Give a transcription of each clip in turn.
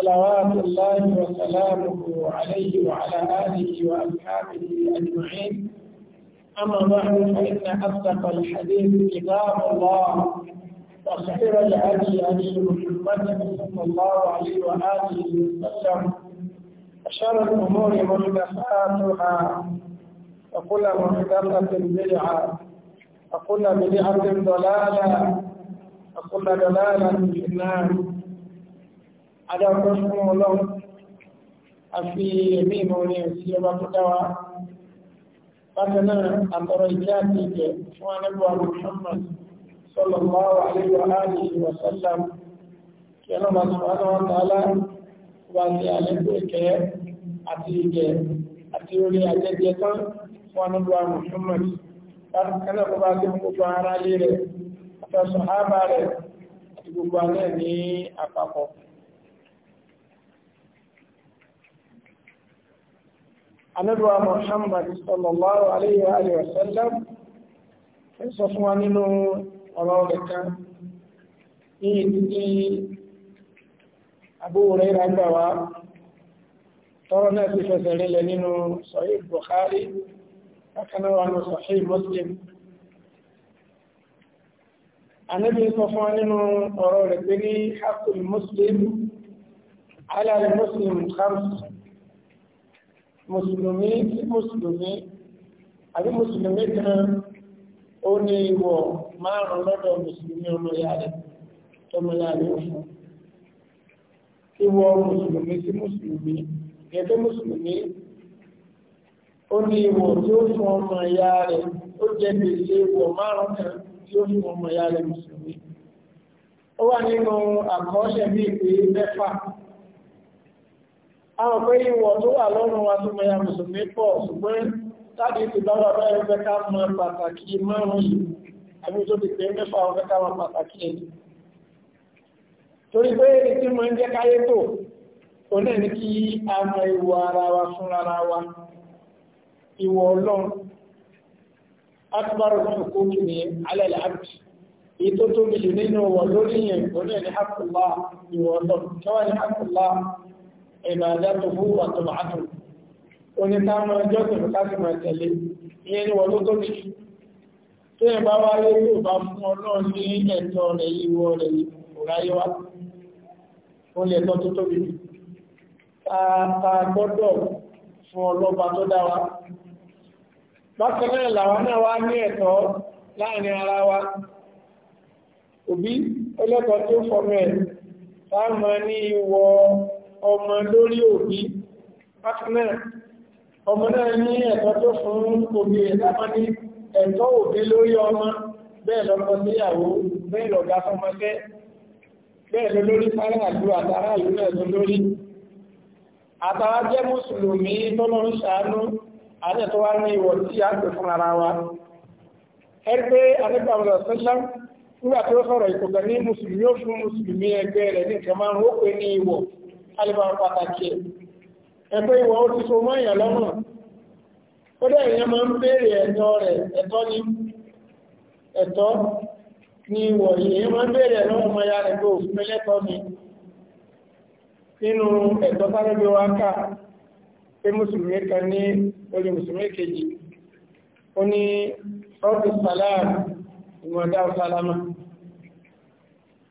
صلوات الله وسلامه عليه وعلى آله وأصحابه أجمعين أما بعد فإن أصدق الحديث كتاب الله وخير الهدي هدي محمد صلى الله عليه وآله وسلم وشر الأمور محدثاتها وكل محدثة بدعة وكل بدعة ضلالة وكل ضلالة في النار adáwọ̀kọ́ fún ọlọ́run àfi ẹ̀mí ìmọ̀ orin sí ọba tó dáwà bákan náà ìjẹ́ àti ìjẹ fún anẹ́bọ̀ Muhammad sallallahu alaihi wa alihi wa sallam kí ọlọ́ba subhanahu wa ta'ala wà sí àlẹ́kùn ìkẹ́ àti ìjẹ Muhammad bákan náà bọ́ bá sí gbogbo ara lé rẹ̀ àtọ́sọ̀ hábà rẹ̀ àti gbogbo alẹ́ ní àpapọ̀. anábíwá Muhammad sallallahu alayhi wa sallam ń sọ fún wa nínú ọ̀rọ̀ rẹ̀ kan ní ìdíjí Abu Huraira gbà wá tọ́rọ náà ti fẹsẹ̀ rinlẹ̀ nínú Sahih Bukhari bákanáwà ní Sahih Muslim anábí sọ fún wa nínú mùsùlùmí sí mùsùlùmí àbí mùsùlùmí kan ó ní ìwọ̀ márùn lọ́dọ̀ mùsùlùmí ọmọ ìyá rẹ̀ tọmọ ìyá rẹ̀ ó fún ìwọ̀ mùsùlùmí sí mùsùlùmí ẹgbẹ́ mùsùlùmí ó ní ìwọ̀ tí ó fún ọmọ ìyá rẹ̀ ó jẹ́ gbèsè ìwọ̀ márùn kan tí ó fún ọmọ ìyá rẹ̀ mùsùlùmí ó wà nínú àkọọ́ṣẹ́ bíi pé mẹ́fà àwọn pé ìwọ̀ tó wà lọ́rùn wa tó mẹ́ya mùsùlùmí pọ̀ ṣùgbọ́n láti ti lọ́rọ̀ bẹ́ẹ̀ fẹ́ ká mọ pàtàkì márùn-ún yìí àbí tó ti pé mẹ́fà ọ̀fẹ́ ká mọ pàtàkì ẹni torí pé tí mo ń jẹ́ káyé tó kí a mọ ìwọ ara wa fún ara wa ọlọ́run fún ní ìbàdàtòkú àtọ̀bàtò onítàmà ọjọ́ tẹ̀lú kásìmọ̀ tẹ̀lé ìyẹn ni wọ́n ló tóbi tó yẹ bá wá lé yóò bá fún ọlọ́run ní ẹ̀tọ́ rẹ̀ yìí wọ́ rẹ̀ yìí kò ráyé wá ó lè tọ́ tó tóbi ta wa bákan náà làwọn náà wá ní ẹ̀tọ́ láàrin ara wa òbí ọlọ́kọ̀ tó fọmọ ẹ̀ táwọn ní ìwọ ọmọ lórí òbí partner ọmọ náà ní ẹ̀tọ́ tó fún òbí ẹ̀ lápá ní ẹ̀tọ́ òbí lórí ọmọ bẹ́ẹ̀ lọ́kọ síyàwó bẹ́ẹ̀ lọ̀gá fọmọdé bẹ́ẹ̀ lọ lórí fáráàlú àtàrà ìlú ẹ̀tọ́ lórí àtàrà jẹ́ mùsùlùmí tọ́lọ́rún ṣàánú àtẹ́tọ́ wá ní ìwọ̀ tí a pè fún ara wa ẹgbẹ́ adébàmọ̀lá nígbà tí ó sọ̀rọ̀ ìkọ̀gbẹ̀ ní mùsùlùmí ó fún mùsùlùmí ẹgbẹ́ rẹ̀ ní ìkẹ́ márùn-ún ní ìwọ̀ alìbà pàtàkì ẹ̀ ẹgbẹ́ ìwọ̀ ó ti so mọ́ èèyàn lọ́rùn ó dẹ̀ èèyàn máa ń béèrè ẹ̀tọ́ rẹ̀ ẹ̀tọ́ ni ẹ̀tọ́ ni ìwọ̀ yìí èèyàn máa ń béèrè lọ́wọ́ ọmọ ya rẹ̀ bó fún ẹlẹ́tọ́ mi nínú ẹ̀tọ́ sárébí wa ká pé mùsùlùmí kan ní olè mùsùlùmí kejì ó ní rọ́dù sàlám ìmọ̀dáhùn sálámà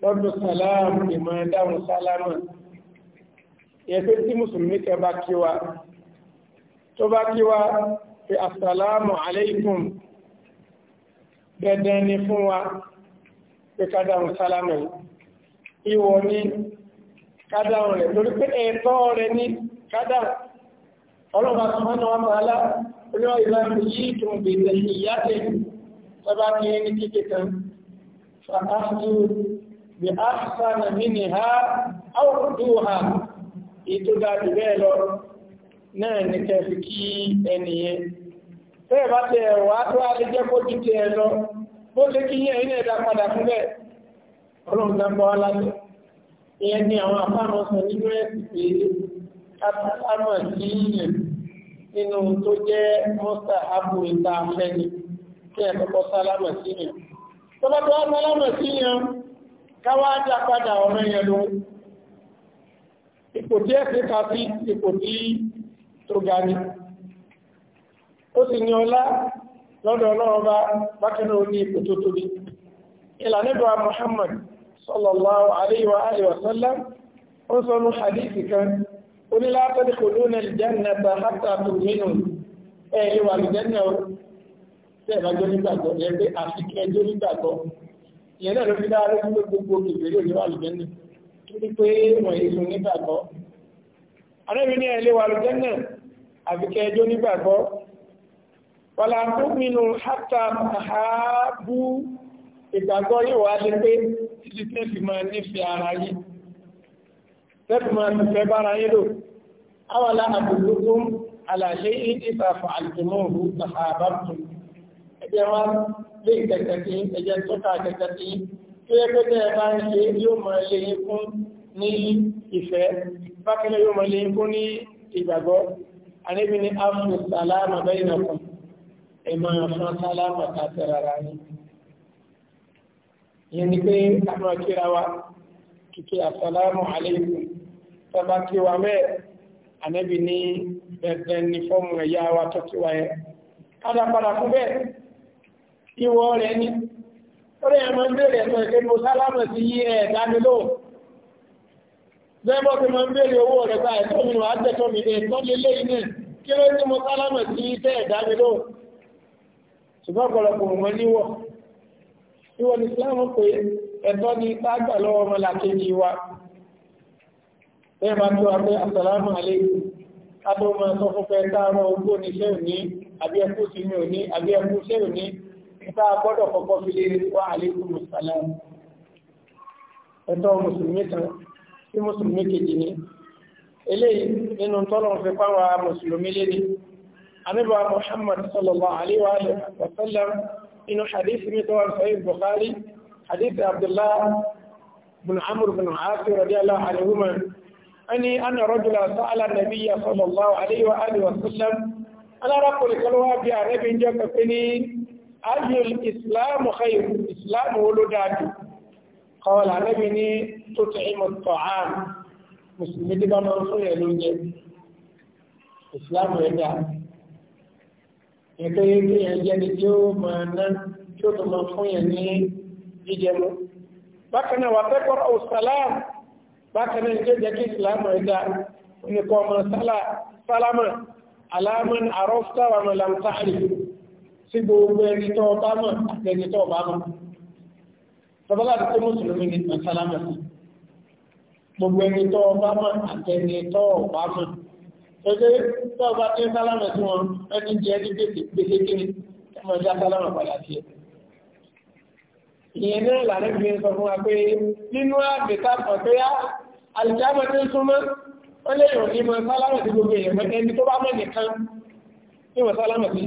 rọ́dù sàlám ìmọ̀dáhùn sálámà yẹn pé tí mùsùlùmí kẹ bá kí wa tó bá kí wa pé asàlámù aláìkùm dandan ni fún wa pé ká dáhùn sálámù yìí ìwọ ni ká dáhùn rẹ̀ lórí pé ẹ̀tọ́ rẹ̀ ní ká dáhùn ọlọ́pàá tó mọ́nà wọn bàálà olóò ìlànà yìí tó ń bèèrè ìyáde tọ́bá ní ẹni kíkẹ́ kan fàáfù bí áfà nà mí ni ha áwùdú ha ètò dájú bẹ́ẹ̀ lọ náà ní kẹfì kí ẹnìyẹn bá tẹ ẹ̀wà tó á kó tẹ ẹ lọ bó ṣe kí yẹn na ẹ̀dá padà fún bẹ́ẹ̀ ọlọ́run aláṣẹ ìyẹn ni àwọn àfáàmọ́ sọ nínú ẹ̀sìn pé sí nínú tó jẹ́ mọ́sà ìta kọ́kọ́ sí tọ́bátọ́ sí káwá dá padà ipò tí ẹ̀sìn ká sí ipò tí tó ga ni ó sì ní ọlá lọ́dọ̀ ọlọ́run bá bákanáà ní ipò tó tóbi ìlànà ìbọn Muhammad sallallahu alayhi wa alihi wa sallam ó sọ ní hadithi kan onílá tadkhuluna al-jannata hatta tu'minu ẹ̀rí wà lùjẹ́nà ó wípé wọ̀nyí sun nígbàgbọ́ anábì ní ẹ̀lẹ́wà lùjẹ́nà àfikẹ́ ẹjọ́ nígbàgbọ́ wàlá tó nínú hátà àhábú ìgbàgbọ́ yóò wá ṣe pé títí tẹ́fì máa nífẹ̀ẹ́ ara yìí tẹ́fì máa nífẹ̀ẹ́ bára yìí lò awàlá àbùdókún àlàṣe tó yẹ pé tẹ́ ẹ bá ń ṣe yóò máa ṣe yín fún ní ìfẹ́ bákan náà yóò máa fún ní ìgbàgbọ́ àníbi ní afu sàlámà bẹ́yìn ọkàn ẹ máa fún sàlámà tàbí rárá ni. ìyẹn ni pé àwọn akíra wa kìkì àsàlámù àlékún tọ́ba kí wa mẹ́ẹ̀ àníbi ní bẹ̀rẹ̀ ní fọ́ọ̀mù ẹ̀yà wa tó wa yẹ. kádà fún bẹ́ẹ̀ ìwọ rẹ̀ ni orí ẹ̀mọ́ ń bèèrè ẹ̀mọ́ ìpé mo sálámọ̀ sí yí ẹ̀ dánilò bẹ́ẹ̀bọ́ ti mọ́ ń bèèrè owó rẹ̀ bá ẹ̀tọ́ mi wà jẹ́tọ́ mi ẹ̀tọ́ lélé iná kí ló tí mo sálámọ̀ sí yí tẹ́ dánilò ṣùgbọ́n ọ̀pọ̀lọpọ̀ mọ́ níwọ̀ níwọ̀ ni Islam pé ẹ̀tọ́ ni tágbà lọ́wọ́ ọmọ làkejì wa bẹ́ẹ̀ bá tó wa pé asàlámù alaykum adó máa sọ fún fẹ́ táàrọ̀ ogún oníṣẹ́ òní àbí ẹkú ìta gbọ́dọ̀ kọ́kọ́ fi lè wá àlékún mùsàlámù ẹ̀tọ́ mùsùlùmí kan sí mùsùlùmí kejì ni eléyìí nínú tọ́lọ̀ fi pàwà mùsùlùmí léni anábà muhammad sallallahu alaihi wa sallam inú hadith mi tó wà sahih bukhari hadith abdullah bin amr bin aasi radiyallahu anhuma ani ana rajula sa'ala nabiyya sallallahu alaihi wa alihi wa sallam ana rakul kalwa bi arabin jaka fini ayyul islamu khayr islamu wo ló dáadù kọwàlá anábì ní tó ti ìmọ̀ tọ̀hán mùsùlùmí tí bá máa ń fún yẹn lóúnjẹ islamu yẹn dá ẹ̀kọ́ yẹn tó yẹn jẹ́ ni tí ó máa ná tí ó tó máa fún yẹn ní jíjẹ mú bákan náà wà fẹ́kọ̀ọ́ ọ̀sálàm bákan náà jẹ́ jẹ́ kí sí gbogbo ẹni tó bá mọ̀ àti ẹni tó bá mọ̀ tọ́bọ́lá ti tó mùsùlùmí ní mọ̀sálámà sí gbogbo ẹni tó bá mọ̀ àti ẹni tó bá mọ̀ tọ́jẹ́ tó bá tẹ́ sálámà sí wọn ẹni jẹ́ ní gbèsè kí ni ọmọ ìjà sálámà padà sí ẹ ìyẹn náà lànà fi sọ fún wa pé nínú àgbẹ̀ta pọ̀ pé á ń súnmọ́ ó lè yọ̀ ní mọ̀ sálámà sí gbogbo èèyàn ẹni tó bá mọ̀ nìkan ní mọ̀ sálámà sí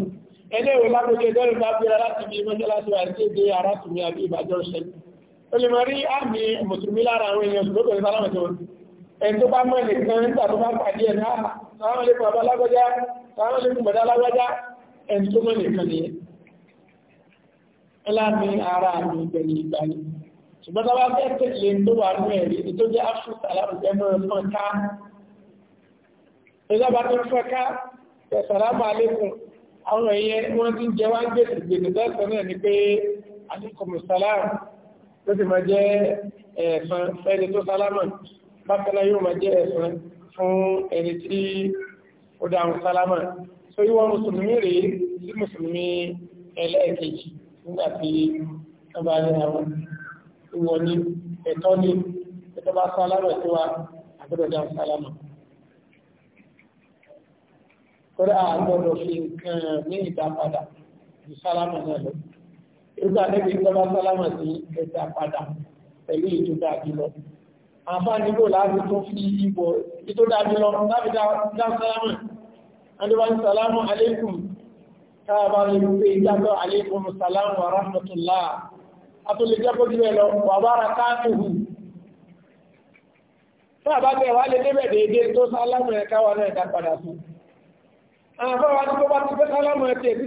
ẹlẹ́wò lágbègbè dẹ́rù bá gbéra láti bí mọ́ṣáláṣí wa ṣe dé ara tùmí àbí ìbàjọ́ ṣẹlẹ̀ ó lè mọ rí àmì mùsùlùmí lára àwọn èèyàn ṣùgbọ́n pẹ̀lú sálámà tó ẹni tó bá mọ̀ nìkan nígbà tó bá pàdé ẹ̀ náà ah, sálámà lè bàbá lágbájá sálámà lè bàbá lágbájá ẹni tó mọ̀ nìkan nìyẹn ẹlámi ara àmì ìgbẹ̀lẹ̀ ìgbàlẹ̀ ṣùgbọ́n tó bá fẹ́ tẹ̀lé tó wà ní ẹ̀rí tó jẹ́ áfíríkà lábùjẹ́ mọ́ fọ́nká ẹgbẹ́ bá tó àwọn ẹ̀yẹ wọ́n ti ń jẹ wá gbèsè gbèsè lẹ́sọ̀ náà ni pé alíkùnmù sálámù tó sì máa jẹ́ ẹ̀san fẹ́ni tó sálámù bákanáà yóò máa jẹ́ ẹ̀san fún ẹni tí ó dáhùn sálámù tó yíwọ́ mùsùlùmí rèé sí mùsùlùmí ẹlẹ́ẹ̀kejì nígbà tí wọ́n bá ní àwọn ìwọ̀ ní ẹ̀tọ́ ní ẹ̀tọ́ bá sálámù ẹ̀tọ́ wa àgbẹ̀dọ̀ dáhùn sálámù torí àgbọ̀dọ̀ fi nǹkan ní ìdápadà ju sálámà náà lọ. Ìgbà níbi ìjọba sálámà sí ẹ̀dá padà pẹ̀lú ètò dàbí lọ. Àǹfààní kò láti tó fi ìbò ètò dàbí lọ láti dá sálámà. Adébá ní sálámù aléìkùm káàbá lè gbé ìjábọ̀ aléìkùm sálámù wa rahmatullah. A tó lè jẹ́ kó jùlọ lọ wà bára káàkùhù. Fún àbájẹ́ wa lè débẹ̀ déédéé tó sálámù ẹ̀ká wa náà dá àwọn wa ti tó bá ti pé sálámù ẹ̀tẹ̀ bí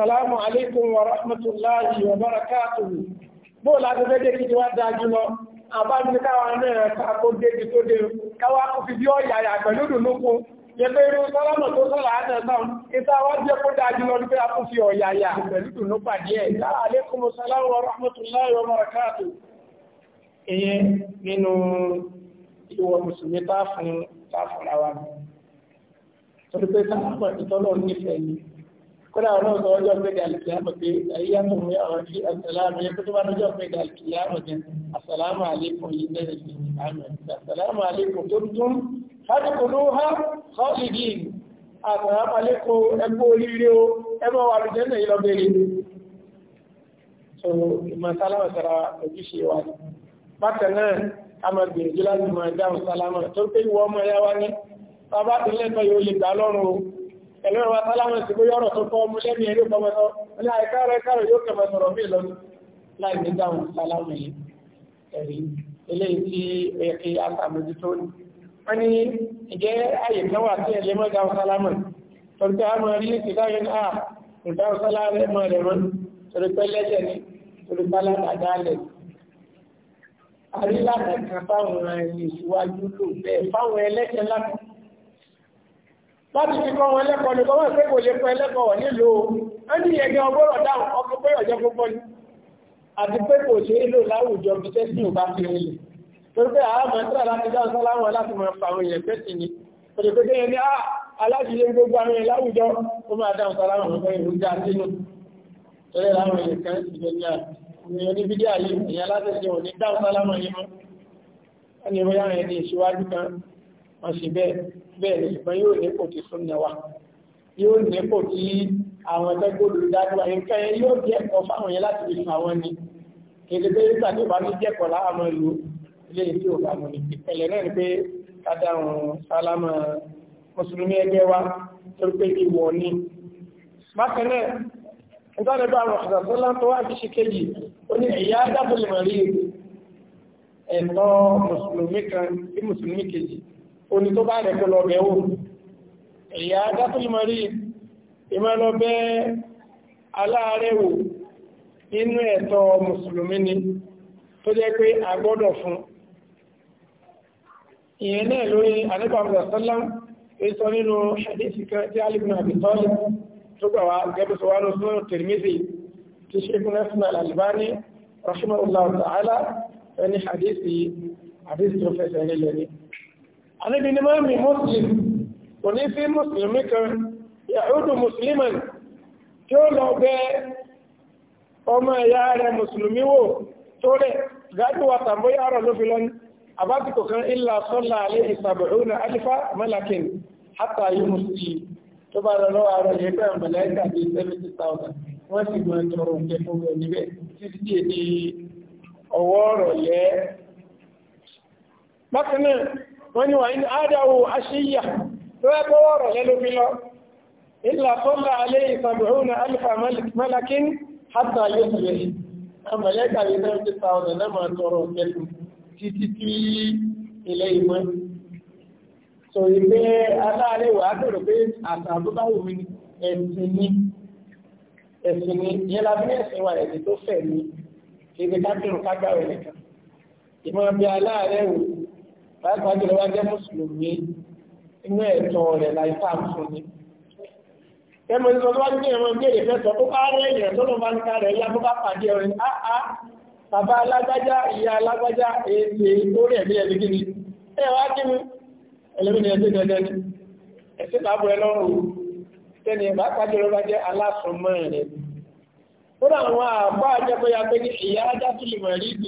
alaykum wa rahmatullahi wa barakatuhu bó láti fẹ́ dé kíkí wá dájú lọ àbájú káwa náà káko débi tó dé káwa kò fi bí ọ̀yà yà pẹ̀lú dùnúkú yẹ pé irú tó sọ̀rọ̀ àtẹ̀ ìta wá jẹ́ kó dájú lọ pé a kò fi ọ̀yà yà pẹ̀lú dùnú pàdé ẹ̀ alaykum salamu wa rahmatullahi wa barakatuhu ìyẹn nínú ìwọ̀ mùsùlùmí tá fún torí pé sáńpọ̀ ìtọ́lọ́ nífẹ̀ẹ́ ni kódà ọlọ́run sọ ọjọ́ pé dàlùkìá mọ̀ pé àyíyàmọ̀ mi ọ̀rọ̀ sí àṣàlámù yẹn tó tó bá lọ́jọ́ pé dàlùkìá mọ̀ jẹ́ àṣàlámù àlékún yìí lẹ́yìn sí àmì àṣàlámù àlékún tó dún fájúkù ló há kọ́ọ̀lìdì àṣàlámù àlékún ẹgbẹ́ oríire o ẹgbẹ́ wà lùjẹ́ náà yìí lọ bẹ̀rẹ̀ so ìmọ̀ sálámù sara ojúṣe wa bákan náà a máa gbèrè jù láti máa dáhùn sálámù tó bàbá ti lẹ́tọ̀ yóò lè gbà lọ́rùn o ẹ̀lẹ́ wa sálámà sí bóyá ọ̀rọ̀ tó kọ́ mú lẹ́nu ẹ̀rí ọ̀pọ̀mọ́tọ́ ní àìkárọ̀ ẹ̀kárọ̀ yóò kẹfẹ́ sọ̀rọ̀ bí lọ́nu láì ní dáhùn sálámà yìí ẹ̀rí eléyìí tí ó yẹ kí àtàmójútó ni wọ́n ní ìjẹ́ àyè kan wà sí ẹ̀lẹ́mọ́ dáhùn sálámà torí pé a máa rí ti dáhùn à ìdáhùn sálámà mọ́ rẹ̀ mọ́ láti fi kọ́ wọn lẹ́kọ̀ọ́ ní kọ́wọ́ pé kò lè fún ẹlẹ́kọ̀ọ́ nílò ó ní ẹgbẹ́ ọgbọ́rọ̀ dáhùn ọkọ̀ pé ọjọ́ púpọ̀ ní àti pé kò ṣe é lò láwùjọ bí tẹ́ sí òbá fi rinlẹ̀ torí pé àwọn mẹ́tẹ́rà láti dá ọ̀sán láwọn láti máa fa àwọn èèyàn pẹ́sì ni kò lè pété ní ah, aláṣìṣe gbogbo àwọn èèyàn láwùjọ ó máa dá ọ̀sán láwọn ọ̀sán wọ́n ṣe bẹ́ẹ̀ bẹ́ẹ̀ ni ṣùgbọ́n yóò nípò tí súnmọ́ wa yóò nípò tí àwọn ẹgbẹ́ olùdájọ́ nǹkan yẹn yóò jẹ́ ẹ̀kọ́ fáwọn yẹn láti fi fún àwọn ni kéde pé nígbà tí ìbá ní jẹ́kọ̀ọ́ láàmú ìlú ilé ìlú ọ̀gá mọ̀ ní ìpẹ̀lẹ̀ náà ni pé kádàrún sálámà mùsùlùmí ẹgbẹ́ wa torí pé ìwọ̀ ni. ní ẹ̀yà dábòlì mọ̀rí oní tó bá rẹ̀ pẹ̀lọ ọ̀bẹ̀ ó ẹ̀yà dákùnlùmọ̀rí ìmọ̀ lọ bẹ́ aláàrẹ̀ wò nínú ẹ̀tọ́ mùsùlùmí ni tó jẹ́ pé a gbọ́dọ̀ fún ìyẹn náà lórí anẹ́bàmùsọ̀sọ́lá èso nínú hadisi kan tí alìbìnà àbìtọ́lì tó gbà wá gẹ́bùsọ̀ wá lọ sọ́rọ̀ tìrìmìsì tí Ànábì ni máa mi Muslim, kò ní sí Mùsùlùmí kan, Yahudu Mùsùlùmán, tí ó lọ bẹ ọmọ ẹ̀yà rẹ̀ Mùsùlùmí wò tó rẹ̀ gájúwà tàbóyá rọ̀ ló fi lọ́n. Àbátìkò kan illa sọ́lá alẹ́ ìsàbẹ̀rún alifa malakin, hátà yìí Mùsùlùmí tó bá lọ́wọ́ ààrẹ yẹn bẹ́ẹ̀ mọ̀lẹ́kà bíi wọ́n ni wà ní ádáwò aṣíyà tó ẹgbọ́ ọ̀rọ̀ lẹ́lómi lọ ilà tọ́lá alẹ́ ìsàbẹ̀húnà alifa malakin hatta yóò tẹ̀lé amẹ́lẹ́kà yìí náà ti sàwọn náà máa tọrọ tẹ́lú títí tí ilé nìkan ìmọ̀ bí aláàrẹ̀ pàápàá jùlọ wá jẹ́ mùsùlùmí inú ẹ̀tọ́ rẹ̀ láì fáàmù fún ni ẹmọ ìsọ tó wá ní ẹmọ ìbéèrè fẹ́sọ̀ tó bá rẹ̀ èèyàn tó lọ máa ń ká rẹ̀ ya tó bá pàdé ọ̀rẹ́ àá bàbá alágbájá ìyá alágbájá èdè lórí ẹ̀mí ẹ̀mí gíní ẹ wá kí mi ẹlẹ́mí ni ẹ̀sẹ̀ dandan ni ẹ̀sẹ̀ tààbù ẹ lọ́rùn tẹ́ni bá pàdé ọ̀rẹ́ bá jẹ́ alásùnmọ́ rẹ̀ ó dà àwọn àbá àjẹpẹ́yà pé ní ìyá ajá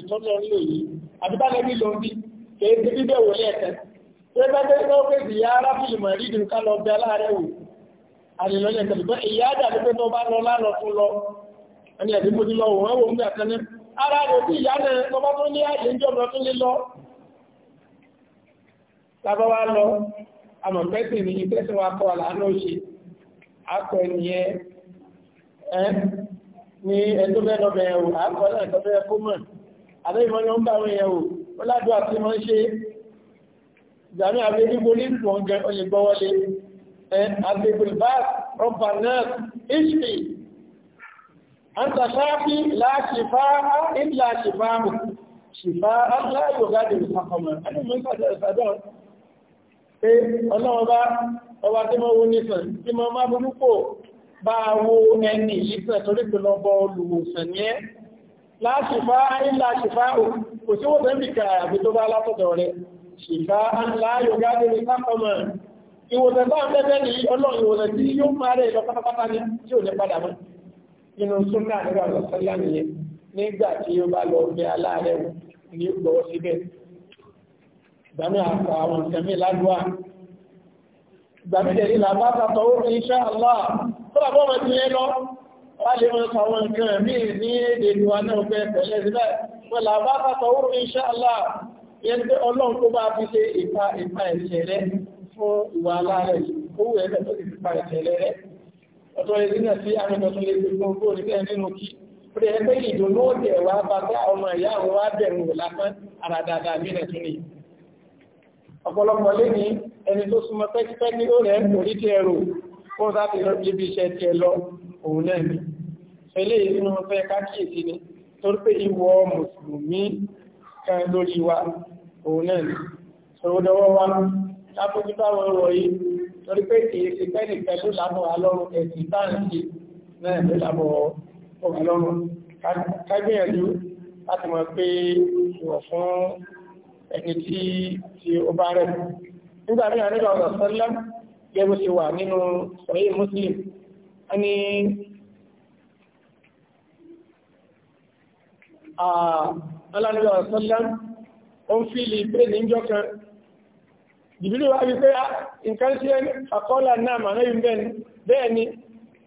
tó lè mọ̀ kìí ti bíbẹ̀ wò lẹ́ẹ̀kan ṣé bẹ́ẹ̀ tó pé ìyá arábìlì mọ̀ rí ìdùn ká lọ bẹ aláàárẹ̀ wò àlèlọ yẹn tẹ̀lé bọ́ ìyá àdàbí pé tó bá lọ lálọ fún lọ ẹni ẹ̀bí mo ti lọ wọ̀n wọ̀n gbà kan ní ara rẹ̀ tí ìyá rẹ̀ tó bá tó ní àyè ń jọ̀bọ̀ tó lé lọ lábọ́ bá wọn yẹn ọládùá tí wọ́n ṣe ìgbàmí àbẹ́gbẹ́gbò ní ìpọ̀ǹgẹ̀ oyìnbọ́wọ́lé àbẹ́gbẹ̀lbáàs ọba náà hp an ta ṣáfi láṣìfá ìlà ṣìfá mù ṣìfá aláyò gáde ìsàkọmọ̀ adúgbò ìpàdé ìsàdọ́ pé ọlọ́ọba ọba tí mọ́ wú nìsàn tí mọ́ má burúkò bá wo ẹni yìí láṣìfá ńlá ṣìfá kò sí wọ́n tẹ́bìkà àbí tó bá látọ̀dọ̀ rẹ̀ ṣìfá ńlá yóò gádìrí lápọ̀mọ̀ ìwòsàn bá fẹ́fẹ́ ní ọlọ́run ìwòsàn tí yóò máa rẹ̀ lọ pátápátá ní tí ò ní padà mọ́ nínú súnmọ́ àdúrà lọ́sọ́lá nìyẹn nígbà tí ó bá lọ bẹ aláàrẹ̀ ní gbọ́ síbẹ̀ ìgbàmí àpò láti mọ́ àwọn nǹkan mí ní èdè ìwà náà fẹ́ pẹ̀lẹ́ sílẹ̀ pẹ̀lá bá kàtọ̀ wúrú insha Allah yẹn pé ọlọ́run tó bá fi ṣe ìpa ìpa ẹ̀ṣẹ̀ rẹ fún ìwà aláàrẹ̀ owó ẹ̀rẹ́ tó ti pa ẹ̀ṣẹ̀ rẹ ọ̀tọ̀ rẹ̀ nínà sí amẹ́tọ̀tún lè gbogbo owó nígbà nínú kí ó lè pé ìdùnnú òdì ẹ̀wà bá bá ọmọ ìyá àwọn wá bẹ̀rù lápẹ́ ara dáadáa mìíràn tún ọ̀pọ̀lọpọ̀ lé ẹni tó súnmọ́ pẹ́kípẹ́kí ó rẹ̀ ń torí ti ẹrù kó sáà ti lọ iṣẹ́ tiẹ̀ lọ òun náà ni fẹ́lẹ́ yìí tí wọ́n fẹ́ kákìyèsí ni torí pé ìwọ mùsùlùmí kan lórí wa òun náà ni ṣòwòdọ́wọ́ wa lápójú báwọn ọ̀rọ̀ yìí torí pé kìí ṣe pẹ́ẹ́nì pẹ̀lú lábọ̀ alọ́run ẹ̀sìn bá ń ṣe náà ló lábọ̀ alọ́run kágbìyànjú láti mọ̀ pé ìwọ̀ fún ẹni tí tí ó bá rẹ̀ nígbà mí àríwá ọ̀rọ̀ sọ́lá gẹ́gbó wà nínú sọ̀yí muslim a alánilọ́ ọ̀sọ́lá ó ń fílì pé ní ìjọ kan jìbìlì wá wípé ah, nǹkan tí àkọ́lá náà mà náà yìí bẹ́ẹ̀ ni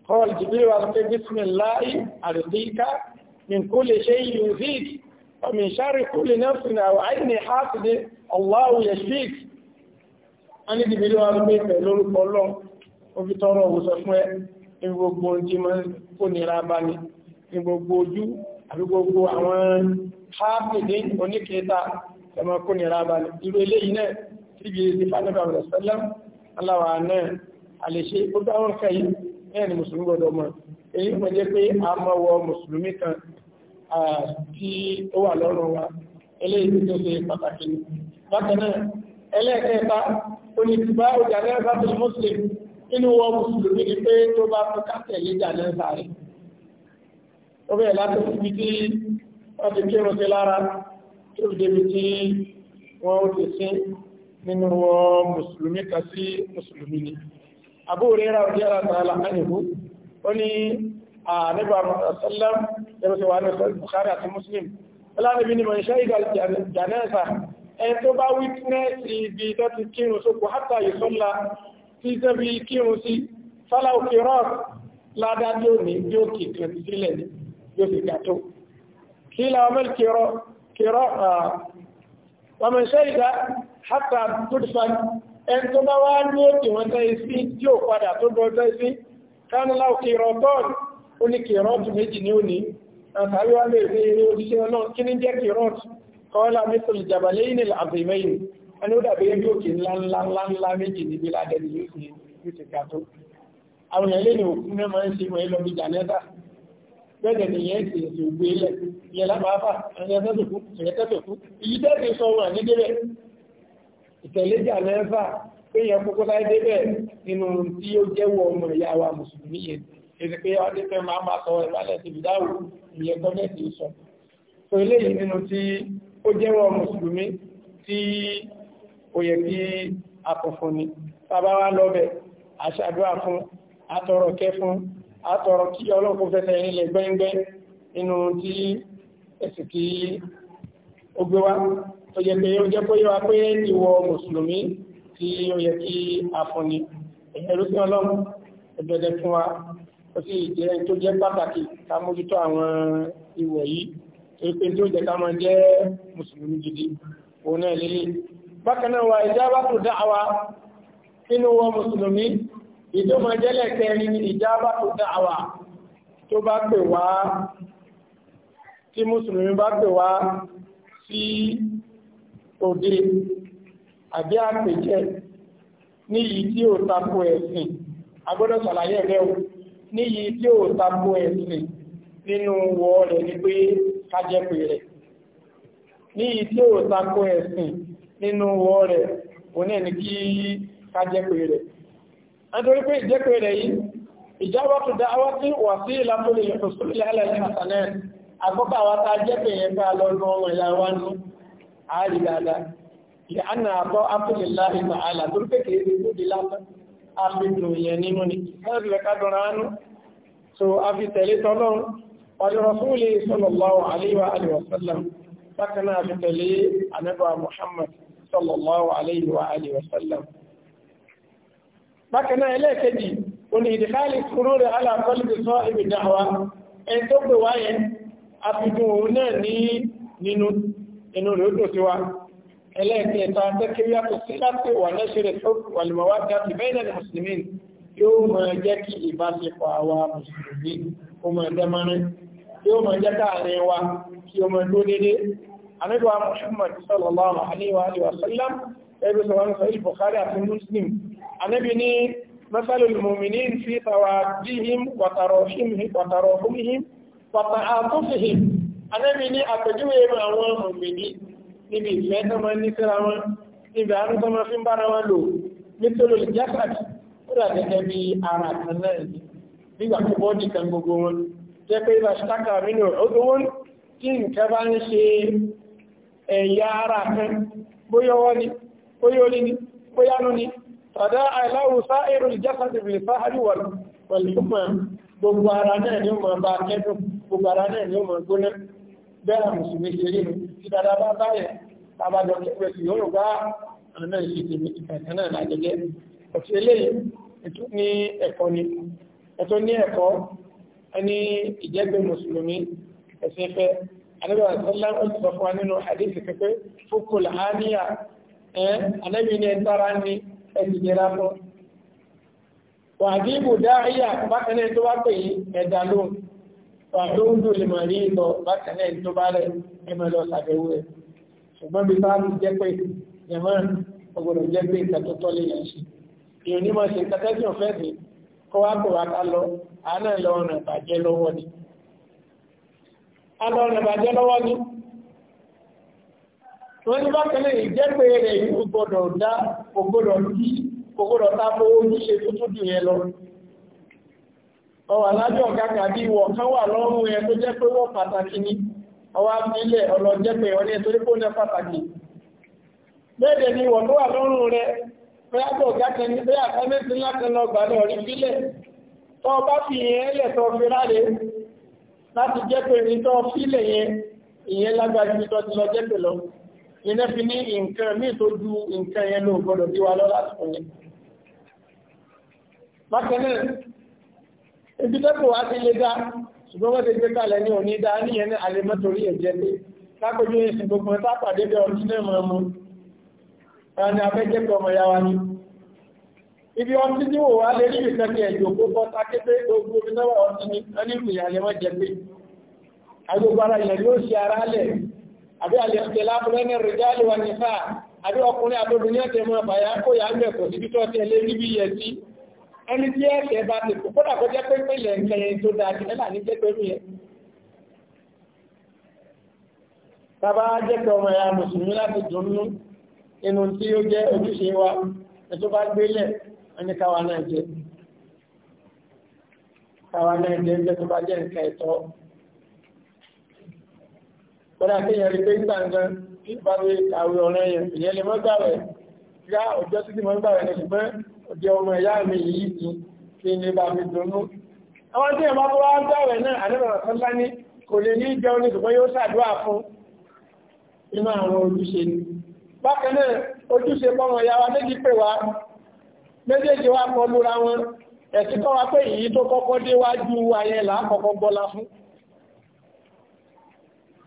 kọ́ọ̀lù jìbìlì wá wípé bismillahi àrùdíkà min ní kó nira bá ní ní gbogbo ojú àbí gbogbo àwọn hápìdí oníkẹta ẹmọ kó nira balẹ̀ irú eléyìí náà síbi ìdífà nípa ọ̀rọ̀ sẹ́lẹ̀m aláwà náà àlèṣe gbogbo àwọn nǹkan yìí náà ni mùsùlùmí gbọdọ̀ mọ̀ èyí kò jẹ́ pé a mọ̀ wọ mùsùlùmí kan tí ó wà lọ́rùn wa eléyìí tó ṣe pàtàkì ni bákan náà ẹlẹ́ẹ̀kẹta olùdìbá ọjà náà bá tó mùsùlùmí inú wọ mùsùlùmí ni pé tó bá fún kátẹ̀lé jà náà sáré ó bẹ̀rẹ̀ láti ibi tí wọ́n ti kírun sí lára tó fi débi tí wọ́n ó ti sí nínú wọn mùsùlùmí kan sí mùsùlùmí ni Abu Hurairah radiyallahu ta'ala anhu ó ní àníbà sallam yẹ́rọ sí wà ní sọ́lá Bukhari àti Muslim ọlọ́nàbí ni mọ̀ iṣẹ́ ìgbà jànẹ́sà ẹ tó bá wítínẹ́sì ibi tó ti kírun sókò hátà ìsọ́lá tí sẹ́bí kírun sí fálà òkè rọ́ọ̀ ládá tí ó ní bí ó kìí kìí sílẹ̀ ní yóò sì ga tó kí làwọn mẹ́rin kérò kérò ọmọ iṣẹ́ ìdá hapa goodfan ẹni tó bá wá ní òkè wọn tẹ́ sí tí ó padà tó bọ́ tẹ́ sí kánúlá kérò tọ́ọ̀lù ó ní kérò tù méjì ní òní àtàrí wá lè rí eré òṣìṣẹ́ náà kí bẹ́ẹ̀ ni yẹn ti ti gbé lẹ̀ ìyẹn lápapá ẹni ẹsẹ́ tó kú ìyẹn tẹ́tò kú ìyí tẹ́tò sọ wọn ní débẹ̀ ìtẹ̀lẹ́jà mẹ́fà pé yẹn kókó láì débẹ̀ nínú tí ó jẹ́wọ́ ọmọ ìyá wa mùsùlùmí yẹn èdè pé wọ́n dẹ́fẹ́ máa máa sọ ìbálẹ̀ ti bìdáwò ìyẹn gọ́mẹ̀tì sọ so eléyìí nínú tí ó jẹ́wọ́ mùsùlùmí tí ó yẹ kí akọ̀fún ni bàbá wa lọ́bẹ̀ àtọ̀rọ̀ kí ọlọ́pọ̀ fẹ́fẹ́ ilẹ̀ gbẹ́ngbẹ́ inú tí ẹ̀sì kí ó gbé wá tó yẹ pé ó jẹ́ pé yíwa pé ìwọ mùsùlùmí tí ó yẹ kí a fún ni ẹ̀yẹ̀rú sí ọlọ́run ẹgbẹ̀dẹ̀ fún wa ó sì jẹ́ tó jẹ́ pàtàkì ká wa ìjábàtò ìdómọ̀jẹ́lẹ̀ kẹrin ni ìjábá tó dáàwà tó bá pè wá tí mùsùlùmí bá pè wá sí òde àbí àpèjẹ ní tí ó tako ẹ̀sìn agbọ́dọ̀ ṣàlàyé ẹ̀rẹ́wò ní tí ó tako ẹ̀sìn nínú wọ rẹ̀ ní pé kájẹ́pẹ̀ rẹ̀ tí ó ẹ̀sìn nínú wọ rẹ̀ kí kájẹ́pẹ̀ nítorí pé ìjẹ́pẹ̀ rẹ̀ yìí ìjábọ̀ tó dá awọ́ tí wà sí ìlàpò lè fòsùn ilẹ̀ alẹ́ àtàlẹ́ àkọ́kọ́ àwọn tá a jẹ́pẹ̀ yẹn bá lọ́dún ọmọ ìyá wa nú àárí dáadáa ìyá àna àbọ̀ ápùlẹ̀ láì mà àlà torí pé kìí ṣe di lásán àfihàn yẹn nínú ni wọ́n ti bákanáà ẹlẹ́ẹ̀kejì òní ìdíkálì kúrò rẹ̀ alákọ́lùbí sọ ibi dáwà ẹni tó pè wáyẹ àfihàn òun náà ní nínú inú rẹ̀ ó dò sí wa ẹlẹ́ẹ̀kẹta tẹ́kẹ́ríà tó sí láti wà lẹ́ṣẹ̀rẹ̀ tó wàlùmọ̀wá dáàbì bẹ́ẹ̀ náà mùsùlùmí yóò máa jẹ́ kí ìbáṣepọ̀ àwa mùsùlùmí ó máa dẹ́mọ́rin yóò máa anábì ní masalul mu'minin fi tawaddihim wa tarahumihim wa tarahumihim wa ta'atufihim anábì ní àpèjúwe àwọn mùmìnì níbi ìfẹ́ tó máa ń ní síra wọn níbi àánú tó máa fi ń bára wọn lò nítorí ìjásàdì ó dà gẹ́gẹ́ bí ara kan náà ní nígbà tó bọ́ọ̀dì kan gbogbo wọn jẹ́ pé ìbá ṣáka nínú ọdún wọn tí nǹkan bá ń ṣe ẹ̀yà ara kan bóyá ọwọ́ ni bóyá ni bóyá ni tàdá àìláwùsá èrò ìjásàdì rẹ̀ fáhárí wà pẹ̀lúmọ̀ gbogbo ara náà ni ó máa bá kẹ́dùn gbogbo ara náà ni ó máa gbóná bẹ́ẹ̀ mùsùlùmí ṣe rí tí dada bá báyẹ̀ tàbájọ kẹ́gbẹ̀ sí yóò ni ẹ̀tọ́ ní ẹ̀kọ́ ẹni ìjẹ́gbẹ̀ mùsùlùmí ẹ̀sìn fẹ́ anábẹ́ àtọ́lá ó ti sọ fún wa nínú àdéhìí pẹ́pẹ́ ẹ̀sìn yẹra fún. wàdíbù dáríyà bákan náà tó bá pè yí ẹ̀dá lóhùn wàdóńdó lè mọ̀ rí lọ bákan náà tó bá rẹ̀ ẹ̀mọ̀ lọ sàbẹ̀wò ẹ̀ ṣùgbọ́n bí bá ti jẹ́ pé jẹ̀mọ́ ọgbọ̀dọ̀ jẹ́ pé ìtàtọ́tọ́ lè yàn sí èèyàn ní máa ṣe ìtàtẹ́sìn ọ̀fẹ́ sí kó wá kó wá ká lọ àánà ìlọrin ìbàjẹ́ lọ́wọ́ ni. a lọ rìn ìbàjẹ́ ni wọ́n ní bákẹ́lẹ̀ ìjẹ́pẹ̀ rẹ̀ ní gbogbo ọ̀dá ògbòdò kí gbogbo tábó ojúṣe tuntun dì yẹn lọ ọwà lájọ́ kàkà bí wọ̀ kán wà lọ́rùn ẹ tó jẹ́ pé wọ́n pàtàkì ní ọwá nílẹ̀ ọlọ́jẹ́pẹ̀ ọ ni wọ̀ tó wà lọ́rùn rẹ pẹ́yàtọ̀ gákan ní bẹ́ẹ̀ àkámẹ́sì láti lọ gbà lọ rí sílẹ̀ tó ìyẹn lágbàjú tó ti lọ jẹ́pẹ̀ lọ iná fi ní nǹkan ní ìtọ́jú nǹkan yẹn ló gbọdọ̀ bí wa lọ láti fún yẹn bákan náà ibi tẹ́kọ̀ọ́ wá sí lé dá ṣùgbọ́n wọ́n ti gbé kalẹ̀ ní òní dá ní yẹn ní ẹ̀jẹ̀ pé lápẹjú yẹn sì gbogbo ẹ̀ tápàdé bẹ ọdún sílẹ̀ mọ́ mu ẹ̀rọ ni abẹ́jẹ́ pé ọmọ yàwá ni ibi ọtí tí wò wá lé níbi kan ní ẹ̀jọ̀ kó bọ́ takété gbogbo omi náà ọtí ní ẹni ìrìnàlẹ́mọ́ jẹ pé agbègbè ara yẹn yóò ṣe ara lẹ̀ àbí àlẹ́sẹ̀ lábúrẹ́ ní rìjáàlì wà nífà àbí ọkùnrin àtọ́dún ní ọ̀tẹ̀ mọ́ àbáyá kó yà ń bẹ̀kọ̀ sí títọ́ tẹ́ lé níbi yẹ sí ẹni tí ẹ̀kẹ́ bá ti kò kódà kó jẹ́ pé pẹ̀lẹ̀ nkẹyìn tó dáa jẹ́ là ní jẹ́ pẹ̀lú yẹn ya mùsùlùmí láti kọ́dá kí yẹn rí pé gbàngán bá rí àwẹ̀ ọ̀rẹ́ yẹn ìyẹn lè mọ́ gbàwẹ̀ yá ọjọ́ títí mọ́ gbàwẹ̀ ní ṣùgbọ́n ọjọ́ ọmọ ìyá mi yìí ti kí ní bá mi dùnnú àwọn tí ẹ̀mọ́ tó wá gbàwẹ̀ náà àdébọ̀rọ̀ kan bá ní kò lè ní jẹun ní ṣùgbọ́n yóò ṣàdúrà fún inú àwọn ojúṣe ni bákan náà ojúṣe bọ́mọ ìyá wa méjì pè wá méjèèjì wá kọ lura wọn ẹ̀sìn kọ́ wa pé èyí tó kọ́kọ́ déwájú wa yẹn là á kọ́kọ́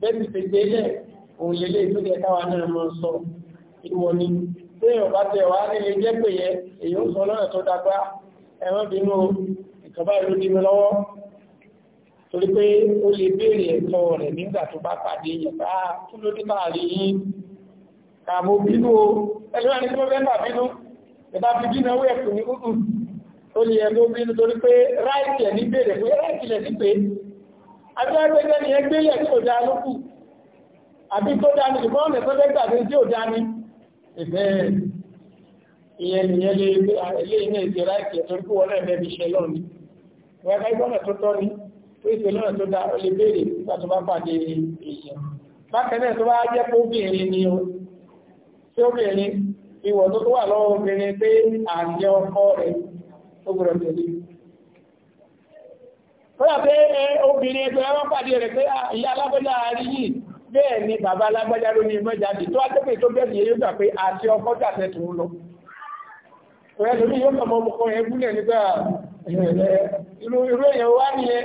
bẹ́ẹ̀ni ti gbé lẹ̀ òun lè lè tó yẹ káwa náà mọ́ sọ ìwọ ni tí èèyàn bá tẹ̀ wá nílé jẹ́ pé yẹ èyí ó sọ lọ́nà tó dágbá ẹ̀wọ́n bínú ìjọba ìlú dí mi lọ́wọ́ torí pé ó lè béèrè ẹ̀tọ́ rẹ̀ nígbà tó bá pàdé yẹn bá kí ló dé bá rí yín kàmó bínú o ẹlẹ́wọ̀n ni tí wọ́n fẹ́ bà bínú ìbá fi bínú owó ẹ̀kùn ní kúkú ó lè yẹ bínú torí pé ráìtì ẹ̀ ní béèrè pé ráìtì lẹ̀ sí pé abẹ́rẹ́gbẹ́gbẹ́ ni ẹgbẹ́ yẹ̀ tí ò dá lókù àbí tó dá ní ṣùgbọ́n ọ̀nà ìfẹ́fẹ́ tàbí tí ò dá ní ìfẹ́ ìyẹn nìyẹn lé ilé iná ìṣe láìpẹ́ torí kó wọlé ẹ̀fẹ́ fi ṣe lọ́ọ̀ni wọ́n ká ìgbọ́nà tó tọ́ ni tó ìṣe lọ́nà tó dá ó lè béèrè nígbà tó bá pàdé èèyàn bákan náà tó bá jẹ́ pé obìnrin ni o tí obìnrin ìwọ̀ tó wà lọ́wọ́ obìnrin pé àjẹ ọkọ rẹ̀ ó gbọ́dọ̀ tẹ̀lé kọ́lá pé obìnrin ẹgbẹ́ wọn pàdé rẹ̀ pé ah, ìyá alágbẹ́já rí yìí bẹ́ẹ̀ ni bàbá alágbẹ́já ló ní ìmọ́jáde tó wájẹ́ tó bẹ́ẹ̀ yóò gbà pé àti ọkọ́ jàfẹ́ tó ń lọ ọ̀rẹ́lómi yóò kọmọ ọmọkọ yẹn gúnlẹ̀ nígbà irú èèyàn wá nìyẹn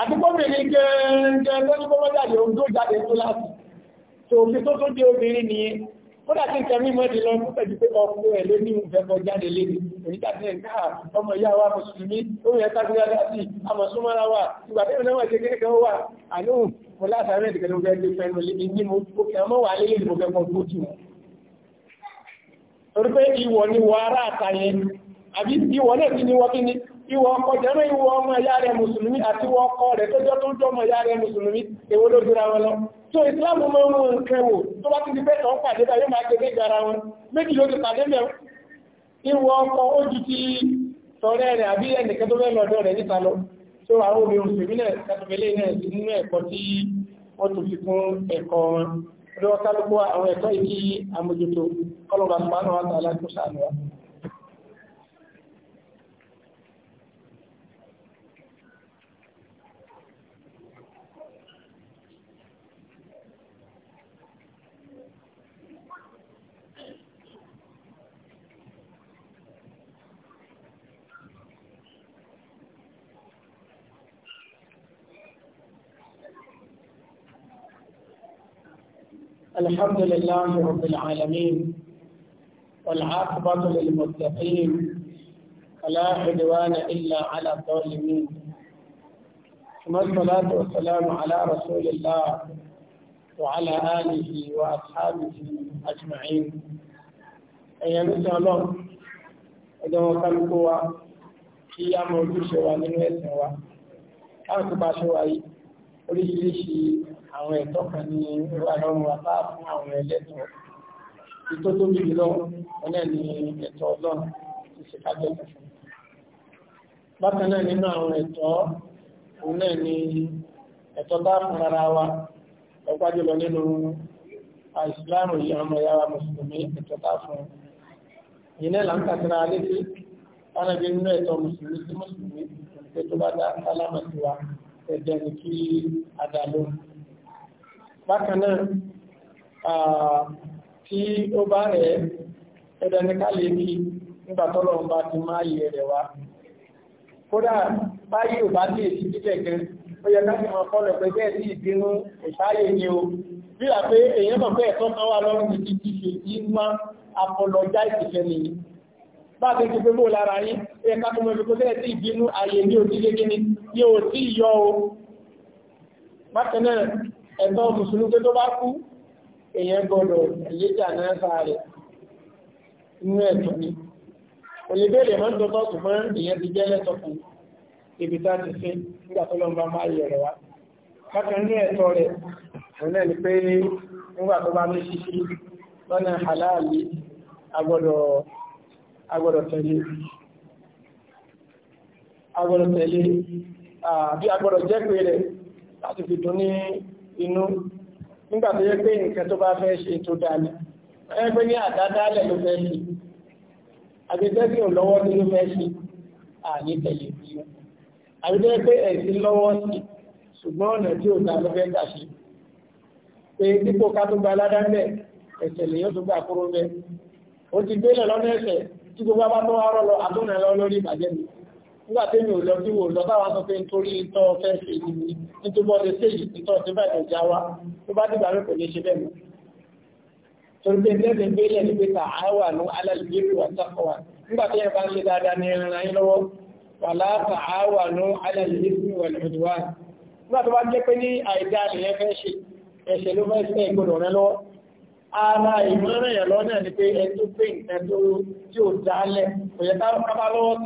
àtikọ́bìnrin gẹ́gẹ́ lọ́dún kọ́mọ́jáde ohun tó jáde tó láti tòfin tó tó dé obìnrin nìyẹn kódà tí nǹkan mímọ́ ti lọ fún pẹ̀lú pé ọkùnrin ẹ̀ ló ní ìfẹ́ kọ jáde lé oníkàtí ẹ̀ káà ọmọ ìyá wa mùsùlùmí ó yẹ ká gbéra láti àmọ̀súnmọ́ra wa ìgbà tí ìrìnàwó ẹ̀ṣẹ̀ kékeré kan wà àlóhùn mo láàárẹ̀ ìdíkẹ́ ló fẹ́ lé fẹ́nu lé ní mo kẹ́ ọmọ wà lé lè mo fẹ́ kọ́ tó tù wọn. torí pé ìwọ ni wọ ará àtàyẹn àbí ìwọ ìwọ ọkọ jẹ́rọ ìwọ ọmọ ẹ̀yà rẹ̀ mùsùlùmí àti ìwọ ọkọ rẹ̀ tó jọ tó ń jọ ọmọ ẹ̀yà rẹ̀ mùsùlùmí èwo ló dúra wọn lọ so ìsìláàmù máa ń wọn nǹkan wò tó bá ti di pé kàn pàdé bá yóò máa gbé gbé gara wọn méjì ló ti pàdé mẹ́ ìwọ ọkọ ó ju ti sọ̀rẹ́ rẹ̀ àbí ẹnìkan tó fẹ́ lọ́dọ̀ rẹ̀ níta lọ so àwọn obìnrin òṣèlú náà kàtòmẹ́lẹ́ náà sí nínú ẹ̀kọ́ tí wọ́n tún fi kún ẹ̀kọ́ wọn lọ́wọ́ kálukú àwọn ẹ̀kọ́ yìí àmójútó kọlọ́ba sùpánù wa tààlà kó sàánù wa الحمد لله رب العالمين والعاقبة للمتقين فلا عدوان إلا على الظالمين ثم الصلاة والسلام على رسول الله وعلى آله وأصحابه أجمعين أيها الله إذا كان هو في أمر بشوى من wa nínú ẹ̀sìn wa àwọn ẹ̀tọ́ kan ní irú àlọ́run wa bá fún àwọn ẹlẹ́tọ̀ọ́ tí tó tóbi jùlọ wọn náà ní ẹ̀tọ́ ọlọ́run ti ṣe kájọ́ fún bákan náà nínú àwọn ẹ̀tọ́ òun náà ní ẹ̀tọ́ bá fún ara wa ọgbà jùlọ nínú àìsíláàmù yìí ọmọ ìyá wa mùsùlùmí ẹ̀tọ́ bá fún ìyẹnẹ́ là ń kàtàrà alé sí ánàbí nínú ẹ̀tọ́ mùsùlùmí sí mùsùlùmí pé bá dá sálámà sí wa ẹ̀dẹ̀ ní kí adà bákan náà tí ó bá rẹ̀ ẹ̀dẹ̀ ní ká lè kí nígbà tọ́lọ̀ ń bá ti máa yẹ rẹ̀ wá kódà báyìí ò bá ní èsì jíjẹ̀ gan ó yẹ káàkiri máa fọ́lọ̀ pé bẹ́ẹ̀ sí ìbínú ìsáyè ni o bí i àpé èèyàn mọ̀ pé ẹ̀tọ́ kan wà lọ́rùn ti ti ṣe yí má apọlọjá ìsìnkẹ́ nìyí bá a ti ti pé lára yín ó yẹ káàkiri máa fi kó bẹ́ẹ̀ sí ìbínú ayé ní òtí lé kíní ní òtí yọ o bákan náà ẹ̀tọ́ mùsùlùmí tó bá kú èèyàn gbọ́dọ̀ ẹ̀yẹ́jà náà sáré inú ẹ̀tọ́ ni olùbéèrè máa ń dọ́tọ́ ṣùgbọ́n èèyàn ti jẹ́ lẹ́tọ̀ fún ibi tá ti fi nígbà tó lọ́nà bá máa yẹ̀ rẹ̀ wá bákan ní ẹ̀tọ́ rẹ̀ òun náà ni pé nígbà tó bá ní ṣíṣí lọ́nà àláàlì agbọ́dọ̀ tẹ̀lé agbọ́dọ̀ tẹ̀lé bí agbọ́dọ̀ jẹ́ pé rẹ̀ láti fi dún ní inú nígbà tó yẹ pé nǹkan tó bá fẹ́ ṣe tó dání ẹ pé ní àdádálẹ̀ ló fẹ́ ṣe àgbẹ̀tẹ́sìn ò lọ́wọ́ tó ló fẹ́ ṣe àní tẹ̀lé sí i àgbẹ̀tẹ́ pé ẹ̀sìn lọ́wọ́ sí ṣùgbọ́n ọ̀nà tí ò ta ló fẹ́ gbà ṣe pé dípò ká tó gba aládá ńbẹ ẹ̀sẹ̀ lè yóò tó gbà kúrò ńbẹ ó ti gbélé lọ́nà ẹ̀sẹ̀ tí gbogbo abá tó wá rọ̀ lọ àtúnà lọ lórí ìbàjẹ́ mi nígbà tí mi ò lọ bí wò lọ báwọn sọ pé nítorí ìtọ́ fẹ́ ṣe ìlú nítorí wọ́n lè ṣe ìtọ́ tí bá ìtọ́ já wa tó bá dìgbà rẹ̀ kò ní ṣe bẹ́ẹ̀ mọ́. torí pé bẹ́ẹ̀ bẹ́ẹ̀ bẹ́ẹ̀ ní pé ta àwà ní alàlùbẹ́rù wà sáfọ̀ wa nígbà tí ẹ bá ń ṣe dáadáa ní ìrìnà yín lọ́wọ́ wà láta àwà ní alàlùbẹ́rù wà lọ́dún wa. nígbà tó bá jẹ́ pé ní àìdá nìyẹn fẹ́ ṣe ẹ̀ṣẹ̀ ló fẹ́ ṣe ìgbọ̀dọ̀ rẹ lọ́wọ́ ara ìmọ̀ràn yẹn lọ́nà ni pé ẹni tó gbé nǹkan tó tí ò dálẹ̀ kò yẹ ká bá lọ́wọ́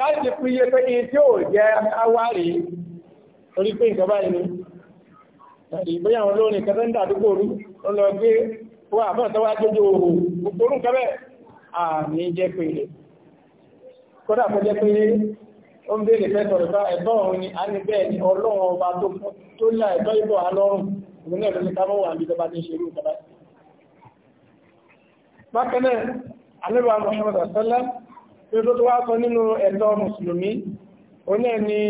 káàkiri fún iye pé iye tí ó jẹ́ awárí orí pé ìjọba ìní ìgbé àwọn olórin kẹta ń dàdúgbò orú ó lọ gbé wà àbọ̀ tó wá jójó ohun gbogbo àmì jẹ́ pé kódà kó jẹ́ pé ó ń béèrè fẹ́ sọ̀rọ̀ bá ẹ̀bọ́ òun ni a ní bẹ́ẹ̀ ni ọlọ́run ọba tó lá ẹ̀bọ́ ìbọ̀ alọ́run òun náà ló ní ká mọ́wàá bí tọba ti ń ṣe irú ìjọba bákan náà alẹ́bàá Muhammad sallallahu tó tó wá sọ nínú ẹ̀tọ́ mùsùlùmí ó náà ni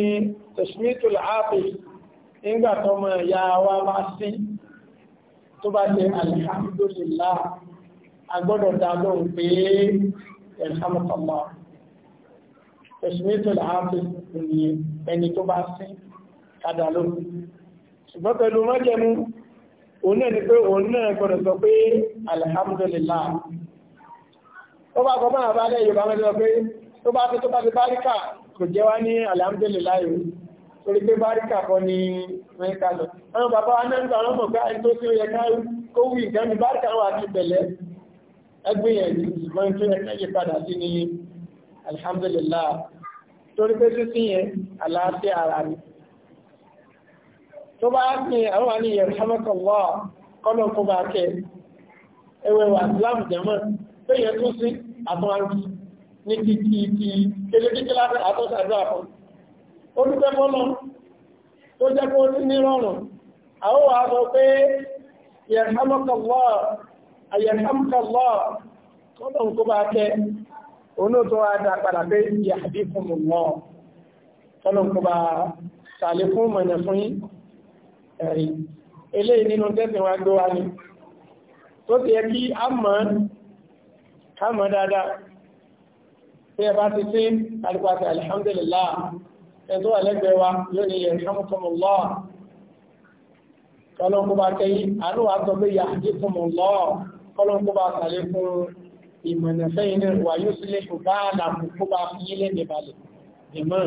tẹ̀símítù láàpì nígbà tó mọ̀ ẹ̀yà wa bá sí tó bá ṣe alhamdulillah agbọ́dọ̀ dá lóhùn pé alhamdulillah tẹ̀símítù láàpì ni ẹni tó bá sí kádà lóhùn ṣùgbọ́n pẹ̀lú mọ́jẹ̀mú òun náà ni pé òun náà gbọ́dọ̀ sọ pé alhamdulillah tó bá gọbọ́n àbálẹ̀ yorùbá mẹ́lẹ́ pé tó bá tó bá ti báríkà kò jẹ́ wá ní alhamdulillahi torí pé báríkà kọ́ ní mẹ́ríkà lọ àwọn bàbá wa náà ń gbàrán mọ̀ pé àìtó tí ó yẹ ká kó wù ìgbà ní báríkà wà ní bẹ̀lẹ́ ẹgbìyànjú ṣùgbọ́n tó yẹ ká yí padà sí ní alhamdulillah torí bá ní àwọn àníyàn hamakawa kọ́lọ̀ kó bá kẹ́ ẹwẹ́wà islam jẹ́mọ́ tó yẹ tó sí àtọ́rí ní ti ti ti kélékíkí láti àtọ́sàdúrà fún ó dúpẹ́ fọ́lọ́ tó jẹ́ kó sí ní rọrùn àwọn wà sọ pé yẹ̀hámkọ̀lọ́ kọ́lọ̀ kó bá kẹ́ onótó àdá padà pé yàbí fún mọ̀ kọ́lọ̀ kó bá sàlẹ̀ fún mọ̀nà fún ẹ̀rí eléyìí nínú tẹ́sìn wa gbé wa ni tó ti yẹ kí a mọ̀ ká mọ̀ dáadáa tí ẹ bá ti sí alùpàtà alhamdulillah ẹ̀tọ́ alẹ́gbẹ̀ẹ́ wa lórí yarhamukumullah kọlọ́nkúbá kẹ́yí àánú wa sọ pé yahdikumullah kọlọ́nkúbá sàlẹ̀ fún ìmọ̀nàfẹ́yìn wà yóò sílẹ̀ kò bá àlàkùnkúbá fíyílẹ̀ nìbalẹ̀ ìmọ̀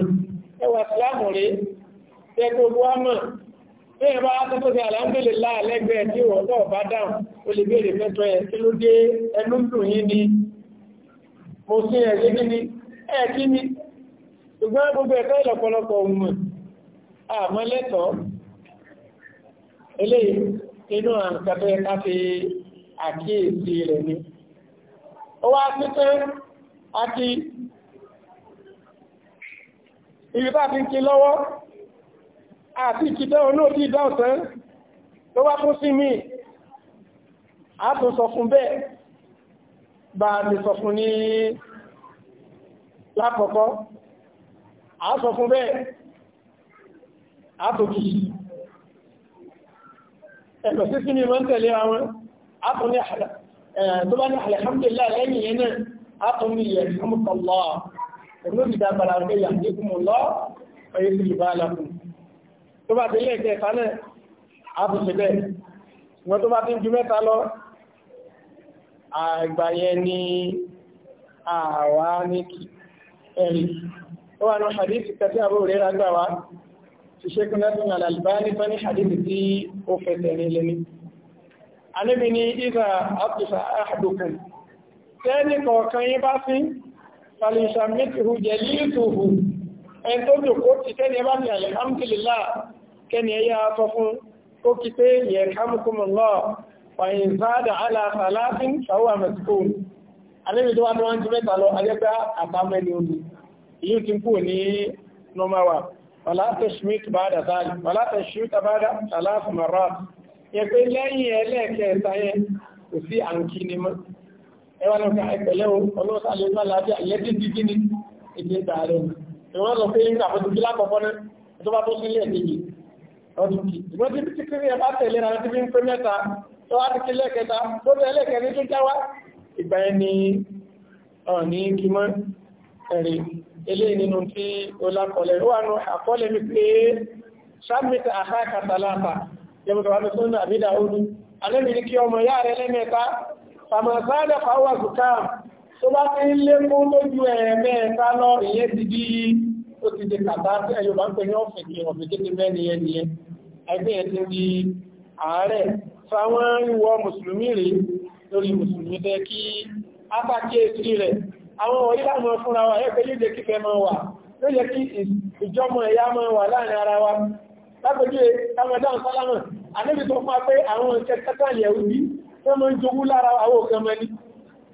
ẹwà sílámù rẹ̀ tẹ́gbogbo àmọ̀ Bẹ́ẹ̀ bá tó tó fi àlàmbèlè láàlẹ́gbẹ̀ẹ́ tí wọ́n tọ́ bá dáhùn, ó lè béèrè mẹ́tọ́ ẹ̀ tí ló dé ẹnu dùn yí ni, mo sí ẹ̀ṣẹ́ kí ni, ẹ̀ kí ni, ṣùgbọ́n gbogbo ẹ̀kọ́ ìlọ̀pọ̀lọpọ̀ ọmọ àmọ́lẹ́tọ̀ eléyìí inú àǹkàtẹ́ lọ́wọ́ àti ìkìdá olóòtí ìdá ọ̀sán tó wá kún sí mi a tún sọ fún bẹ́ẹ̀ bá mi sọ fún ní lákọ̀ọ́kọ́ a sọ fún bẹ́ẹ̀ a tó kìí ẹ̀lọ̀ sí sí mi mọ́ ń tẹ̀lé àwọn a tún ní alhamdulillah lẹ́yìn yẹn náà a tún ní yẹ̀ ẹ̀mùtọ̀lọ́ ẹ̀mùtọ̀lọ́ tó bá délé ẹ̀kẹ́ ẹ̀ta náà àbùsù bẹ́ẹ̀ ṣùgbọ́n tó bá ti ń ju mẹ́ta lọ àgbà yẹn ni àwa ní ẹ̀rí ó wà ní hadith kẹtí àbúrò rẹ̀ rágbà wá ti ṣékún lẹ́sùn al-Albani tó ní hadith tí ó ẹn tó jòkó ti tẹ́ni ẹbá ní alhamdulillah kẹni ẹyà sọ fún ó kí pé yẹ kámukúmù lọ fàyìn sáàdà aláàfàláfín sàwọ́ àmẹ́sìkòun alẹ́bí tó wá ní wọ́n ti mẹ́ta lọ ajẹ́gbá àtàmẹ́ni omi ìyí ti kú ní nọmawa wàlátẹ̀ schmidt bada sáàlì wàlátẹ̀ schmidt bada ìwọ́n lọ sí àfojúdí lákọ̀ọ́kọ́ náà tó bá tó sílé ẹ̀kejì ọdún kì ìwọ́n ti ti kiri ẹ̀ bá tẹ̀lé ra ti fi ń pé mẹ́ta tó wá ti kí lẹ́ẹ̀kẹta tó tẹ̀ lẹ́ẹ̀kẹrin tó jáwá ìgbà ẹni ọ̀ní kí mọ́ ẹ̀rí eléyìí nínú tí ó lákọ̀ọ́lẹ̀ ó wà nù àkọọ́lẹ̀ mi pé sáàmìtà àkáàkà tàlàtà yẹ́bùkà wà ní tó bá fi ń lé fún lójú ẹ̀ẹ̀mẹ́ẹ̀ta lọ ìyẹn ti bí ó ti di kàtà sí ẹ̀yọ́ bá ń pè ní ọ̀fìnkì ọ̀fìnkì mẹ́ni ẹni ẹ ẹgbẹ́ ẹ̀ ti di ààrẹ fáwọn ìwọ mùsùlùmí rè lórí mùsùlùmí fẹ́ kí wa ẹgbẹ́ yóò jẹ́ kí wa lápẹjú ẹgbẹ̀dáhùn sálámà àníbi tó fún wa pé àwọn ìkẹ́kẹ́kẹ́ yẹ̀wù bí wọ́n máa ń jogún lára àwọn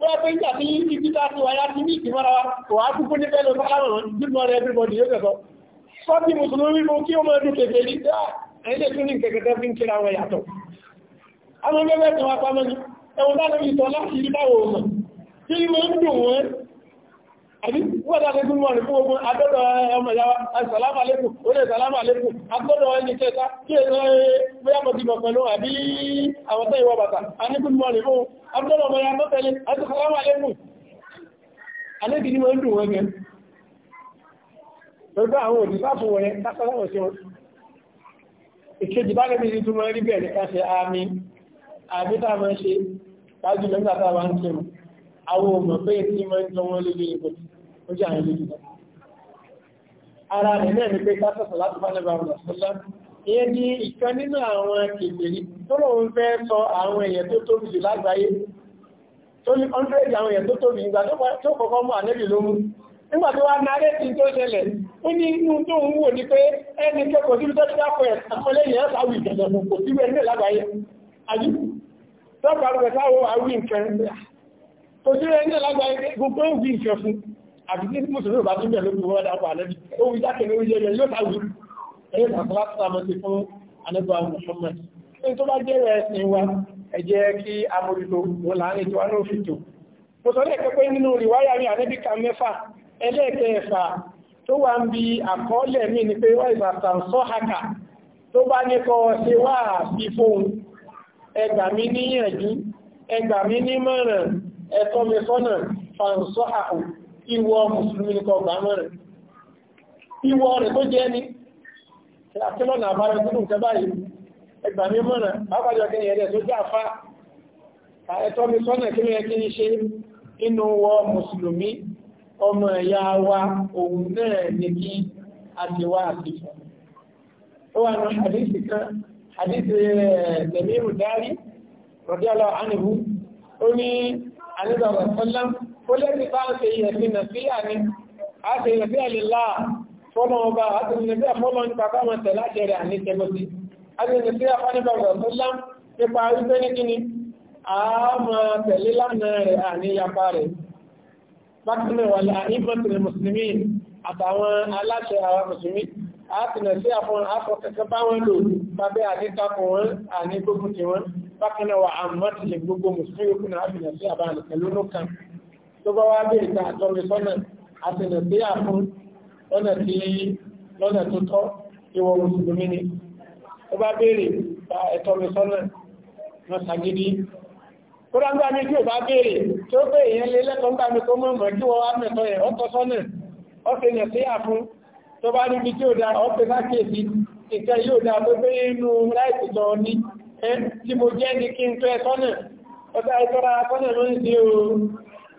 wọ́n pé ń tàbí ibi tá ti wáyá ti ní ìtìmọ́ra wa kò á kúkú ní pẹ́lú fọ́láwọ̀n jùlọ rẹ̀ everybody yóò kẹ́kọ́ fọ́tí mùsùlùmí mú kí ó mọ́ ẹdún kẹfẹ́ ní ah, ẹ̀yẹ́ tún ní kẹkẹtẹ́ fi ń kíra wọn yàtọ̀ àwọn ẹgbẹ́ tí wọ́n pamọ́ ni ẹ̀wọ̀n bá lórí ìtọ́ láti rí báwo àbí wọ́n dáa tẹ́kún mọ́ ní fún ogun agbọ́dọ̀ eh, ọmọ ìyá asàlámà eh, lẹ́kùn orí ìsàlámà lẹ́kùn agbọ́dọ̀ ẹni kẹta kí ẹ̀rọ eh, mẹ́yàmọ̀ ti mọ̀ pẹ̀lú àbí àwọn tẹ́ ìwọ bàtà anígún mọ́ ní fún agbọ́dọ̀ ọmọ ìyá mọ́tẹ̀lẹ́ asàlámà lẹ́kùn alẹ́bí ni wọ́n ń dùn wọn gẹ pẹ̀lú àwọn òdìbá fún wọn yẹn kásáláwọ̀ sí wọn ìkejì bá lẹ́bí ti túmọ̀ rí bẹ̀rẹ̀ ṣe àmì lẹ́gbàtà wa ń kírun àwọn òmò pé tí wọ́n ń jọ wọn lójú ó jẹ́ àyẹ̀lẹ́ jù ara rẹ̀ náà ni pé kásọ̀sọ̀ láti bá lẹ́bàá ọ̀rọ̀ sọ́lá ìyẹn ni ìkan nínú àwọn kèfèrí tó lóun fẹ́ sọ àwọn èèyàn tó tóbi jù lágbàáyé tó ní 100 àwọn èèyàn tó tóbi ìgbà tó kọ́kọ́ mú ànẹ́bì ló mú nígbà tó wá náré tí tó ṣẹlẹ̀ ó ní inú tó ń wò ní pé ẹni kẹ́kọ̀ọ́ sí tó tíwá pẹ̀ àkọlẹ́yìn ẹ̀sà àwì ìjọ̀dọ̀ kò sí wẹ́ nílẹ̀ lágbàáyé ajú tọ́pàá rẹ̀ sáwọ́ àwì nǹkan tó sí wẹ́ nílẹ̀ lágbàáyé gbogbo ń fi ìṣẹ́ fún àdúgbò tí mùsùlùmí bá tún bẹ̀ lórí wọ́n dápò ànẹ́bí ó wí jákè lórí yẹyẹ yóò ta wùrù ẹ̀yẹ́ tàbí sàmọ́ sí fún ànẹ́bí wa Muhammad ní tó bá jẹ́ rẹ̀ ẹ̀sìn wa ẹ jẹ́ kí amòrìlò wọn láàrin tí wọn ló fi tò mo sọ lẹ́ẹ̀kẹ́ pé nínú rìwáyà rí ànẹ́bí ka mẹ́fà ẹlẹ́ẹ̀kẹfà tó wà ń bi àkọọ́lẹ̀ mi ni pé wọ́n ìbàtà ń sọ haka tó bá ní kọ́ ṣe wá sí fóun ẹgbà mi níyànjú ẹgbà mi nímọ̀ràn ẹ̀tọ́ mi sọ́nà fàǹsọ́ àhùn ìwọ mùsùlùmí ní kọgbà mẹ́rin ìwọ rẹ̀ tó jẹ́ ní àtìlọ́nà àbára ìdúkùn tẹ́bá yìí ẹgbà mí mọ́nà pápájọ kí ẹ̀rẹ́ tó jẹ́ àfá ẹ̀tọ́ mi sọ́nà kí ẹ kí ń ṣe inú wọ mùsùlùmí ọmọ ẹ̀yà wa òun náà ní kí a ti wá àti fún ó wà ní àdíṣì kan àdíṣì tẹ̀mí ìrù dárí rọ̀dí àlọ́ ànìbú ó ní àníbàbà sọ́lámù kó lẹ́ni bá ń ṣe ìyẹ̀sí nàfíà ni a ṣe ìyẹ̀sí àlèlá fọ́nà ọba àti ìyẹ̀sí àfọ́nà nípa káwọn tẹ̀lá ṣẹ̀rẹ̀ àní tẹ́gbọ́sí a ṣe ìyẹ̀sí àfọ́nà ọ̀rọ̀ sọ́lá nípa wípé ní kíni a máa tẹ̀lé lánàá rẹ̀ àní yapa rẹ̀ bákan wà ní àìmọ̀tìlẹ̀ mùsùlùmí àtàwọn aláṣẹ àwọn mùsùlùmí a ti nà sí àmọ́tìlẹ̀ gbogbo mùsùlùmí yókù náà sí àbáyàn pẹ̀lú nù kan tó bá wá bèèrè ká àtọ́mi sọ́nà àtẹ̀lẹ̀ sí àfún lọ́nà tí lọ́nà tó tọ́ ìwọ̀ mùsùlùmí ni tó bá bèèrè ká ẹ̀tọ́mi sọ́nà lọ sàgídí kó dáńgbà ní tí ò bá bèèrè tí ó pé èèyàn lé lẹ́tọ̀ọ́ nígbà mi tó mọ̀ mọ̀ kí wọ́n wá mẹ́tọ́ yẹn ó tọ́ sọ́nà ó fi yàn sí àfún tó bá níbi tí ó da ó sákèsí ìkẹ́ yóò da tó pé inú láìsí lọ ní tí mo jẹ́ ní kí n tó ẹ sọ́nà ọ̀tá ìtọ́ra sọ́nà ló ń ṣe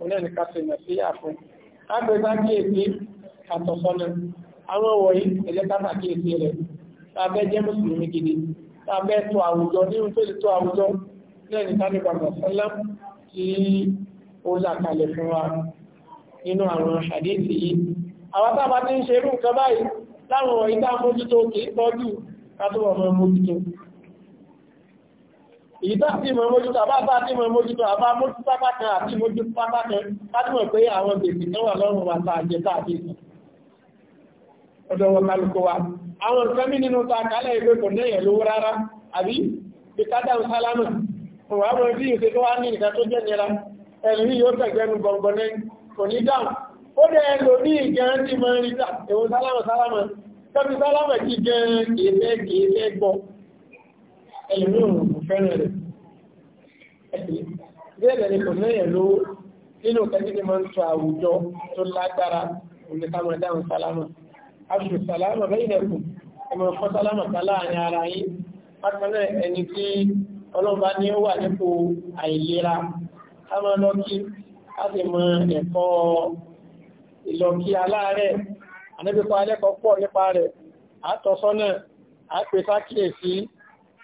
onílẹ̀ ká ṣe mẹ̀sí àfún agbègbè kíyèsí àtọ̀sọ́nà àwọn wọ̀nyí ẹ̀jẹ̀ káfà kíyèsí rẹ̀ tàbẹ́ jẹ́ mùsùlùmí gidi tàbẹ́ tó àwùjọ nínú tó lè tó àwùjọ lẹ́yìn tánì bàbá sọ́lá tí ó là kalẹ̀ fún wa nínú àwọn àdéhìí yìí àwọn tábà ti ń ṣerú nǹkan báyìí láwọn ìdá mójútó kìí tọ́jú ká tó wọ̀ mọ́ mójútó ìdá tí mọ̀ mójútó àbábá tí mọ̀ mójútó àbá mójú pápá kan àti mójú pápá kan láti mọ̀ pé àwọn bèbè kan wà lọ́rùn wa ta àjẹ tá àti ìsìn ọ̀dọ̀ wọn kálukú wa àwọn nǹkan mí nínú ta kálẹ̀ ìwé kò náyẹ̀ lówó rárá àbí bí kádà ń sálámù òun àwọn ibi ìṣe tó wá ní ìka tó jẹ́ fẹ́ràn rẹ̀. Bẹ́ẹ̀ ni kò lẹ́yìn ló nínú kẹ́kẹ́ ni máa ń sọ àwùjọ tó lágbára oníkàmọ̀ dáhùn sálámà. Aṣù sálámà bẹ́yìn ẹ̀kùn, ọmọ ẹ̀kọ́ sálámà kan láàrin ara yín. Bákan náà ẹni tí ọlọ́ba ní ó wà nípò àìlera, ká máa lọ kí, ká sì mọ ẹ̀kọ́ ìlọ́kí aláàárẹ̀. Àníbíkọ alẹ́kọ̀ọ́ pọ̀ nípa rẹ̀, àtọ̀sọ́nà, àpèsákìyèsí,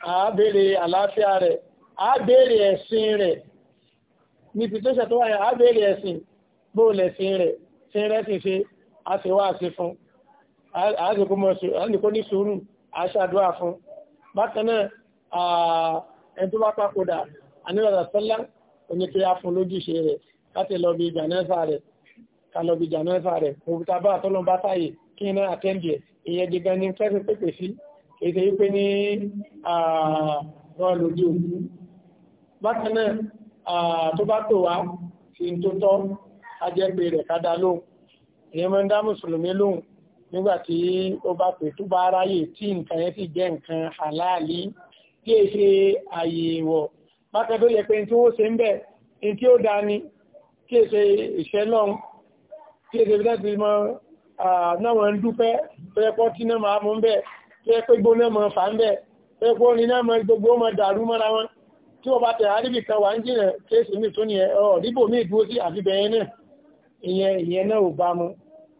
a béèrè àlàáfíà rẹ̀ a béèrè ẹ̀sìn rẹ̀ ní pìtẹ́sẹ̀ tó wáyé a béèrè ẹ̀sìn bóòlẹ̀ sí rẹ̀ sí rẹ̀ sì ṣe a sì wá sí fún a sì kó mọ̀ sí a nìkó ní sùúrù a ṣàdúrà fún bákan náà ẹni tó bá papòdà anílọ́dà sọ́lá oníkíyà fún lójúṣe rẹ̀ láti lọ bí ìjànẹ́fà rẹ̀ ká lọ bí ìjànẹ́fà rẹ̀ òkúta bá àtọ́lọ́ bá táyè kí iná àtẹ́ǹdì ìyẹn gẹ́gẹ́ ní kẹ́sì pépè sí èdè wípé ní ààrùn lójú òkú bákan náà tó bá tò wá sí tó tọ́ ajẹ́pẹ̀ rẹ̀ kádà lóhùn ìyẹn máa ń dá mùsùlùmí lóhùn nígbà tí ó bá pè tó bá aráyè tí nǹkan yẹn sì jẹ́ nǹkan àláàlí tí è ṣe àyè ìwọ̀ bákan tó yẹ pé tí wọ́n ṣe ń bẹ̀ ní tí ó dání tí è ṣe ìṣẹ́ náà tí è bí náà ti náà wọ́n ń dúpẹ́ tó tí náà máa mú bẹ́ẹ̀ tẹ́ pé gbóná mọ̀ fà ń bẹ̀ tẹ́ pé orin náà mọ̀ gbogbo mọ̀ dàrú mọ́ra wọn tí wọ́n bá tẹ̀ àríbì kan wà ń jìnà kéèsì mi tó ní ẹ̀ ọ̀ dípò mí ìdúró sí àfibẹ̀yẹn náà ìyẹn ìyẹn náà ò bá mu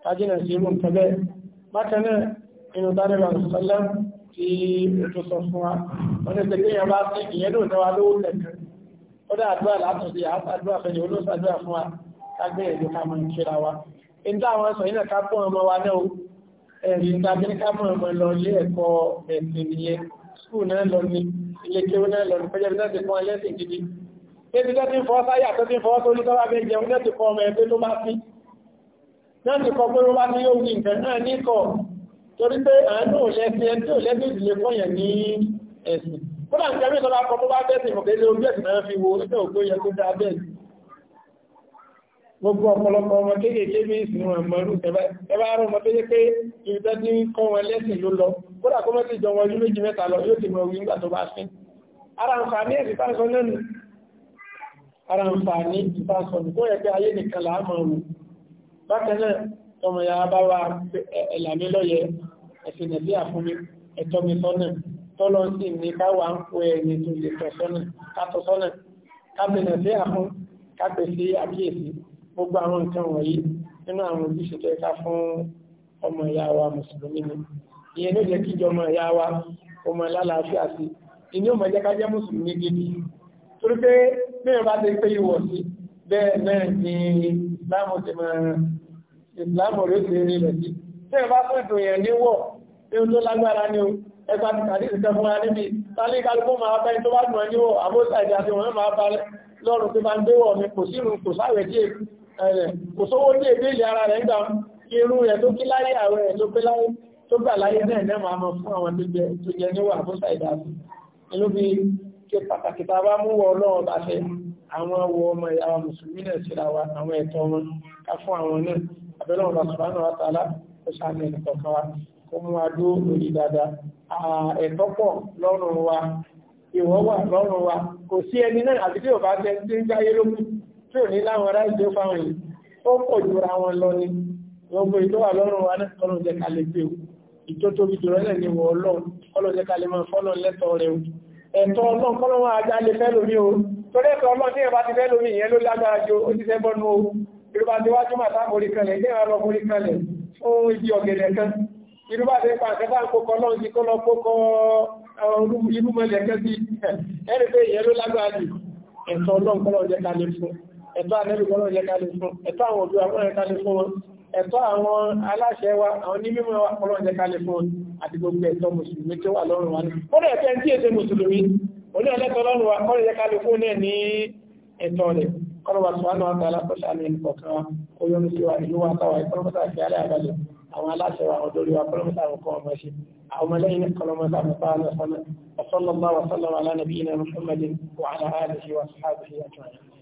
kájínà sí irú nǹkan bẹ́ẹ̀ bákan náà inú dánilá sọlá tí o tó sọ fún wa wọ́n ti tẹ̀lé yẹn bá sí ìyẹn ló tẹ́wa lówó tẹ̀kẹ́ ó dá àdúrà látọ̀sí àdúrà àwọn sọ ẹ̀rí ìtàbíríkà mọ̀ọ̀mọ̀ lọ ilé ẹ̀kọ́ ẹ̀sìn nìyẹn skúù náà lọ ní ilé kéwú náà lọ ní pẹ́jẹ́bí náà ti fún ẹlẹ́sìn gidi ebi tó ti fọ́ sáyà tó ti fọ́ sórí tọ́wà bẹ jẹun náà ti kọ́ ọmọ ẹgbẹ́ ló máa fi náà ti kọ́ pé ó bá ní yóò ní nǹkan náà ní kọ̀ torí pé àánú lẹ́sìn ẹni tí ò lẹ́sìn ìdílé fọ́yàn ní ẹ̀sìn kódà nǹkan mìíràn bá kọ́ tó bá bẹ́sìn mọ̀kẹ́lẹ́ ojú ẹ̀sìn náà fi wo ẹgbẹ́ òkú yẹ kó dáa gbogbo ọ̀pọ̀lọpọ̀ ọmọ kéékèèké bí ìsìn wọn mọ̀rú ẹbá rọ ọmọ tó yẹ pé ìrìtẹ́ tí ń kọ́ wọn lẹ́sìn ló lọ kódà kó mọ́tí jọ wọn ọdún méjì mẹ́ta lọ yóò ti mọ̀ wí nígbà tó bá sín ara nfààní ẹ̀sìn fásọ náà nù ara nfààní ìfásọ nù kó yẹ pé ayé nìkan là á mọ̀ wù bákan náà ọmọ ya bá wa ẹ̀làmí lọ́yẹ ẹ̀sìn ẹ̀bí àfúnmi ẹ̀tọ́ mi sọ́nà tọ́lọ́ sí ní káwa ń kó ẹni tó lè tọ̀ sọ́nà ká gbogbo àwọn nǹkan wọ̀nyí nínú àwọn ojúṣe tó ẹ̀ka fún ọmọ ìyá wa mùsùlùmí ni ìyẹn ló jẹ́ kíjọ ọmọ ìyá wa ọmọ ìlàlàáfíà sí ìní ò mọ̀ jẹ́ ká jẹ́ mùsùlùmí gidi torí pé mẹ́rin bá ti pé ìwọ̀ sí bẹ́ẹ̀ náà ni ìsìláàmù ti máa ìsìláàmù rẹ̀ ti rí rẹ̀ sí mẹ́rin bá fún ìdùn yẹn níwọ̀ pé ó lágbára ni o ẹgbà ti kàdí ìsìnkẹ́ fún wa níbi tálí kálukú máa bá ẹni tó bá dùn ẹ níwọ̀ àbóṣà ìdí àti wọn máa bá lọ́rùn pé máa ń gbéwọ̀ mi kò sí ìrùn kò sáwẹ̀ díẹ̀ ẹ̀rẹ̀ kò sówó ní èdè ìlẹ̀ ara rẹ̀ gbà irú rẹ̀ tó kí láyé àwẹ̀ rẹ̀ tó pé láyé tó gbà láyé náà náà máa mọ fún àwọn tó jẹ níwà tó ṣàìdá sí inú bí ṣe pàtàkì tá a bá mú wọ ọlọ́run bá fẹ́ àwọn wọ ọmọ ìyá wa mùsùlùmí náà síra wa àwọn ẹ̀tọ́ wọn ká fún àwọn náà abẹ́lẹ́ wọn bá sọ̀rọ̀ náà tààlà ó ṣàmì ẹ̀kọ́ kan wa kó mú wa lórí dáadáa ẹ̀tọ́ pọ̀ lọ́rùn wa ìwọ́ wà lọ́rùn wa kò sí ẹni náà àti tí ò bá tẹ́ ń gbáyé lókun tí ò ní láwọn ará ìjọ fáwọn yìí ó pọ̀ jura wọn lọ ni gbogbo ìlú lọ́rùn wa náà kọ́lọ́ jẹ́ ká lè gbé o ìtó tóbi jùlọ náà ni wọ́n lọ kọ́lọ́ jẹ́ ká lè máa fọ́lọ́ lẹ́tọ̀ọ́ rẹ o ẹ̀tọ́ ọlọ́run kọ́lọ́ wọn ajá lè fẹ́ lómi o torí ẹ̀tọ́ ọlọ́run tí ìyẹn bá ti fẹ́ lómi ìyẹn ló lágbára ju ó ti fẹ́ bọ́nu o ìrúbà tí wájú màtá forí kanlẹ̀ ní ìrọ̀ forí kanlẹ̀ fún ibi ọ̀gẹ̀dẹ̀ kan ìrúbà tí pàṣẹ bá ń kókọ lọ́run ti kó lọ kókọ irúmọlẹ̀ kan sí ẹni pé ìyẹn ló lágbára jù ẹ̀tọ́ ọlọ́run kọ́lọ́ jẹ́ ká lè fún ẹ̀tọ́ ànẹ́bì kan náà yẹ ká lè fún ẹ̀tọ́ àwọn òbí àwọn ẹ̀ká lè fún wọn ẹ̀tọ́ àwọn aláṣẹ wa àwọn onímọ̀ wa ọlọ́run yẹ ká lè fún àti gbogbo ẹ̀tọ́ mùsùlùmí tó wà lọ́rùn wa kódà ẹ̀tọ́ ẹni tí èdè mùsùlùmí oní ẹlẹ́tọ́ lọ́rùn wa kọ́rọ̀ yẹ ká lè fún náà ní ẹ̀tọ́ rẹ̀ kọ́rọ̀ wa sọ ánà àtàlà kọ́ṣà ní ẹnì kọ̀ọ̀kan wa àti aláàbàlẹ̀ àwọn aláṣẹ wa àwọn وصلى الله وسلم على نبينا محمد وعلى آله وأصحابه أجمعين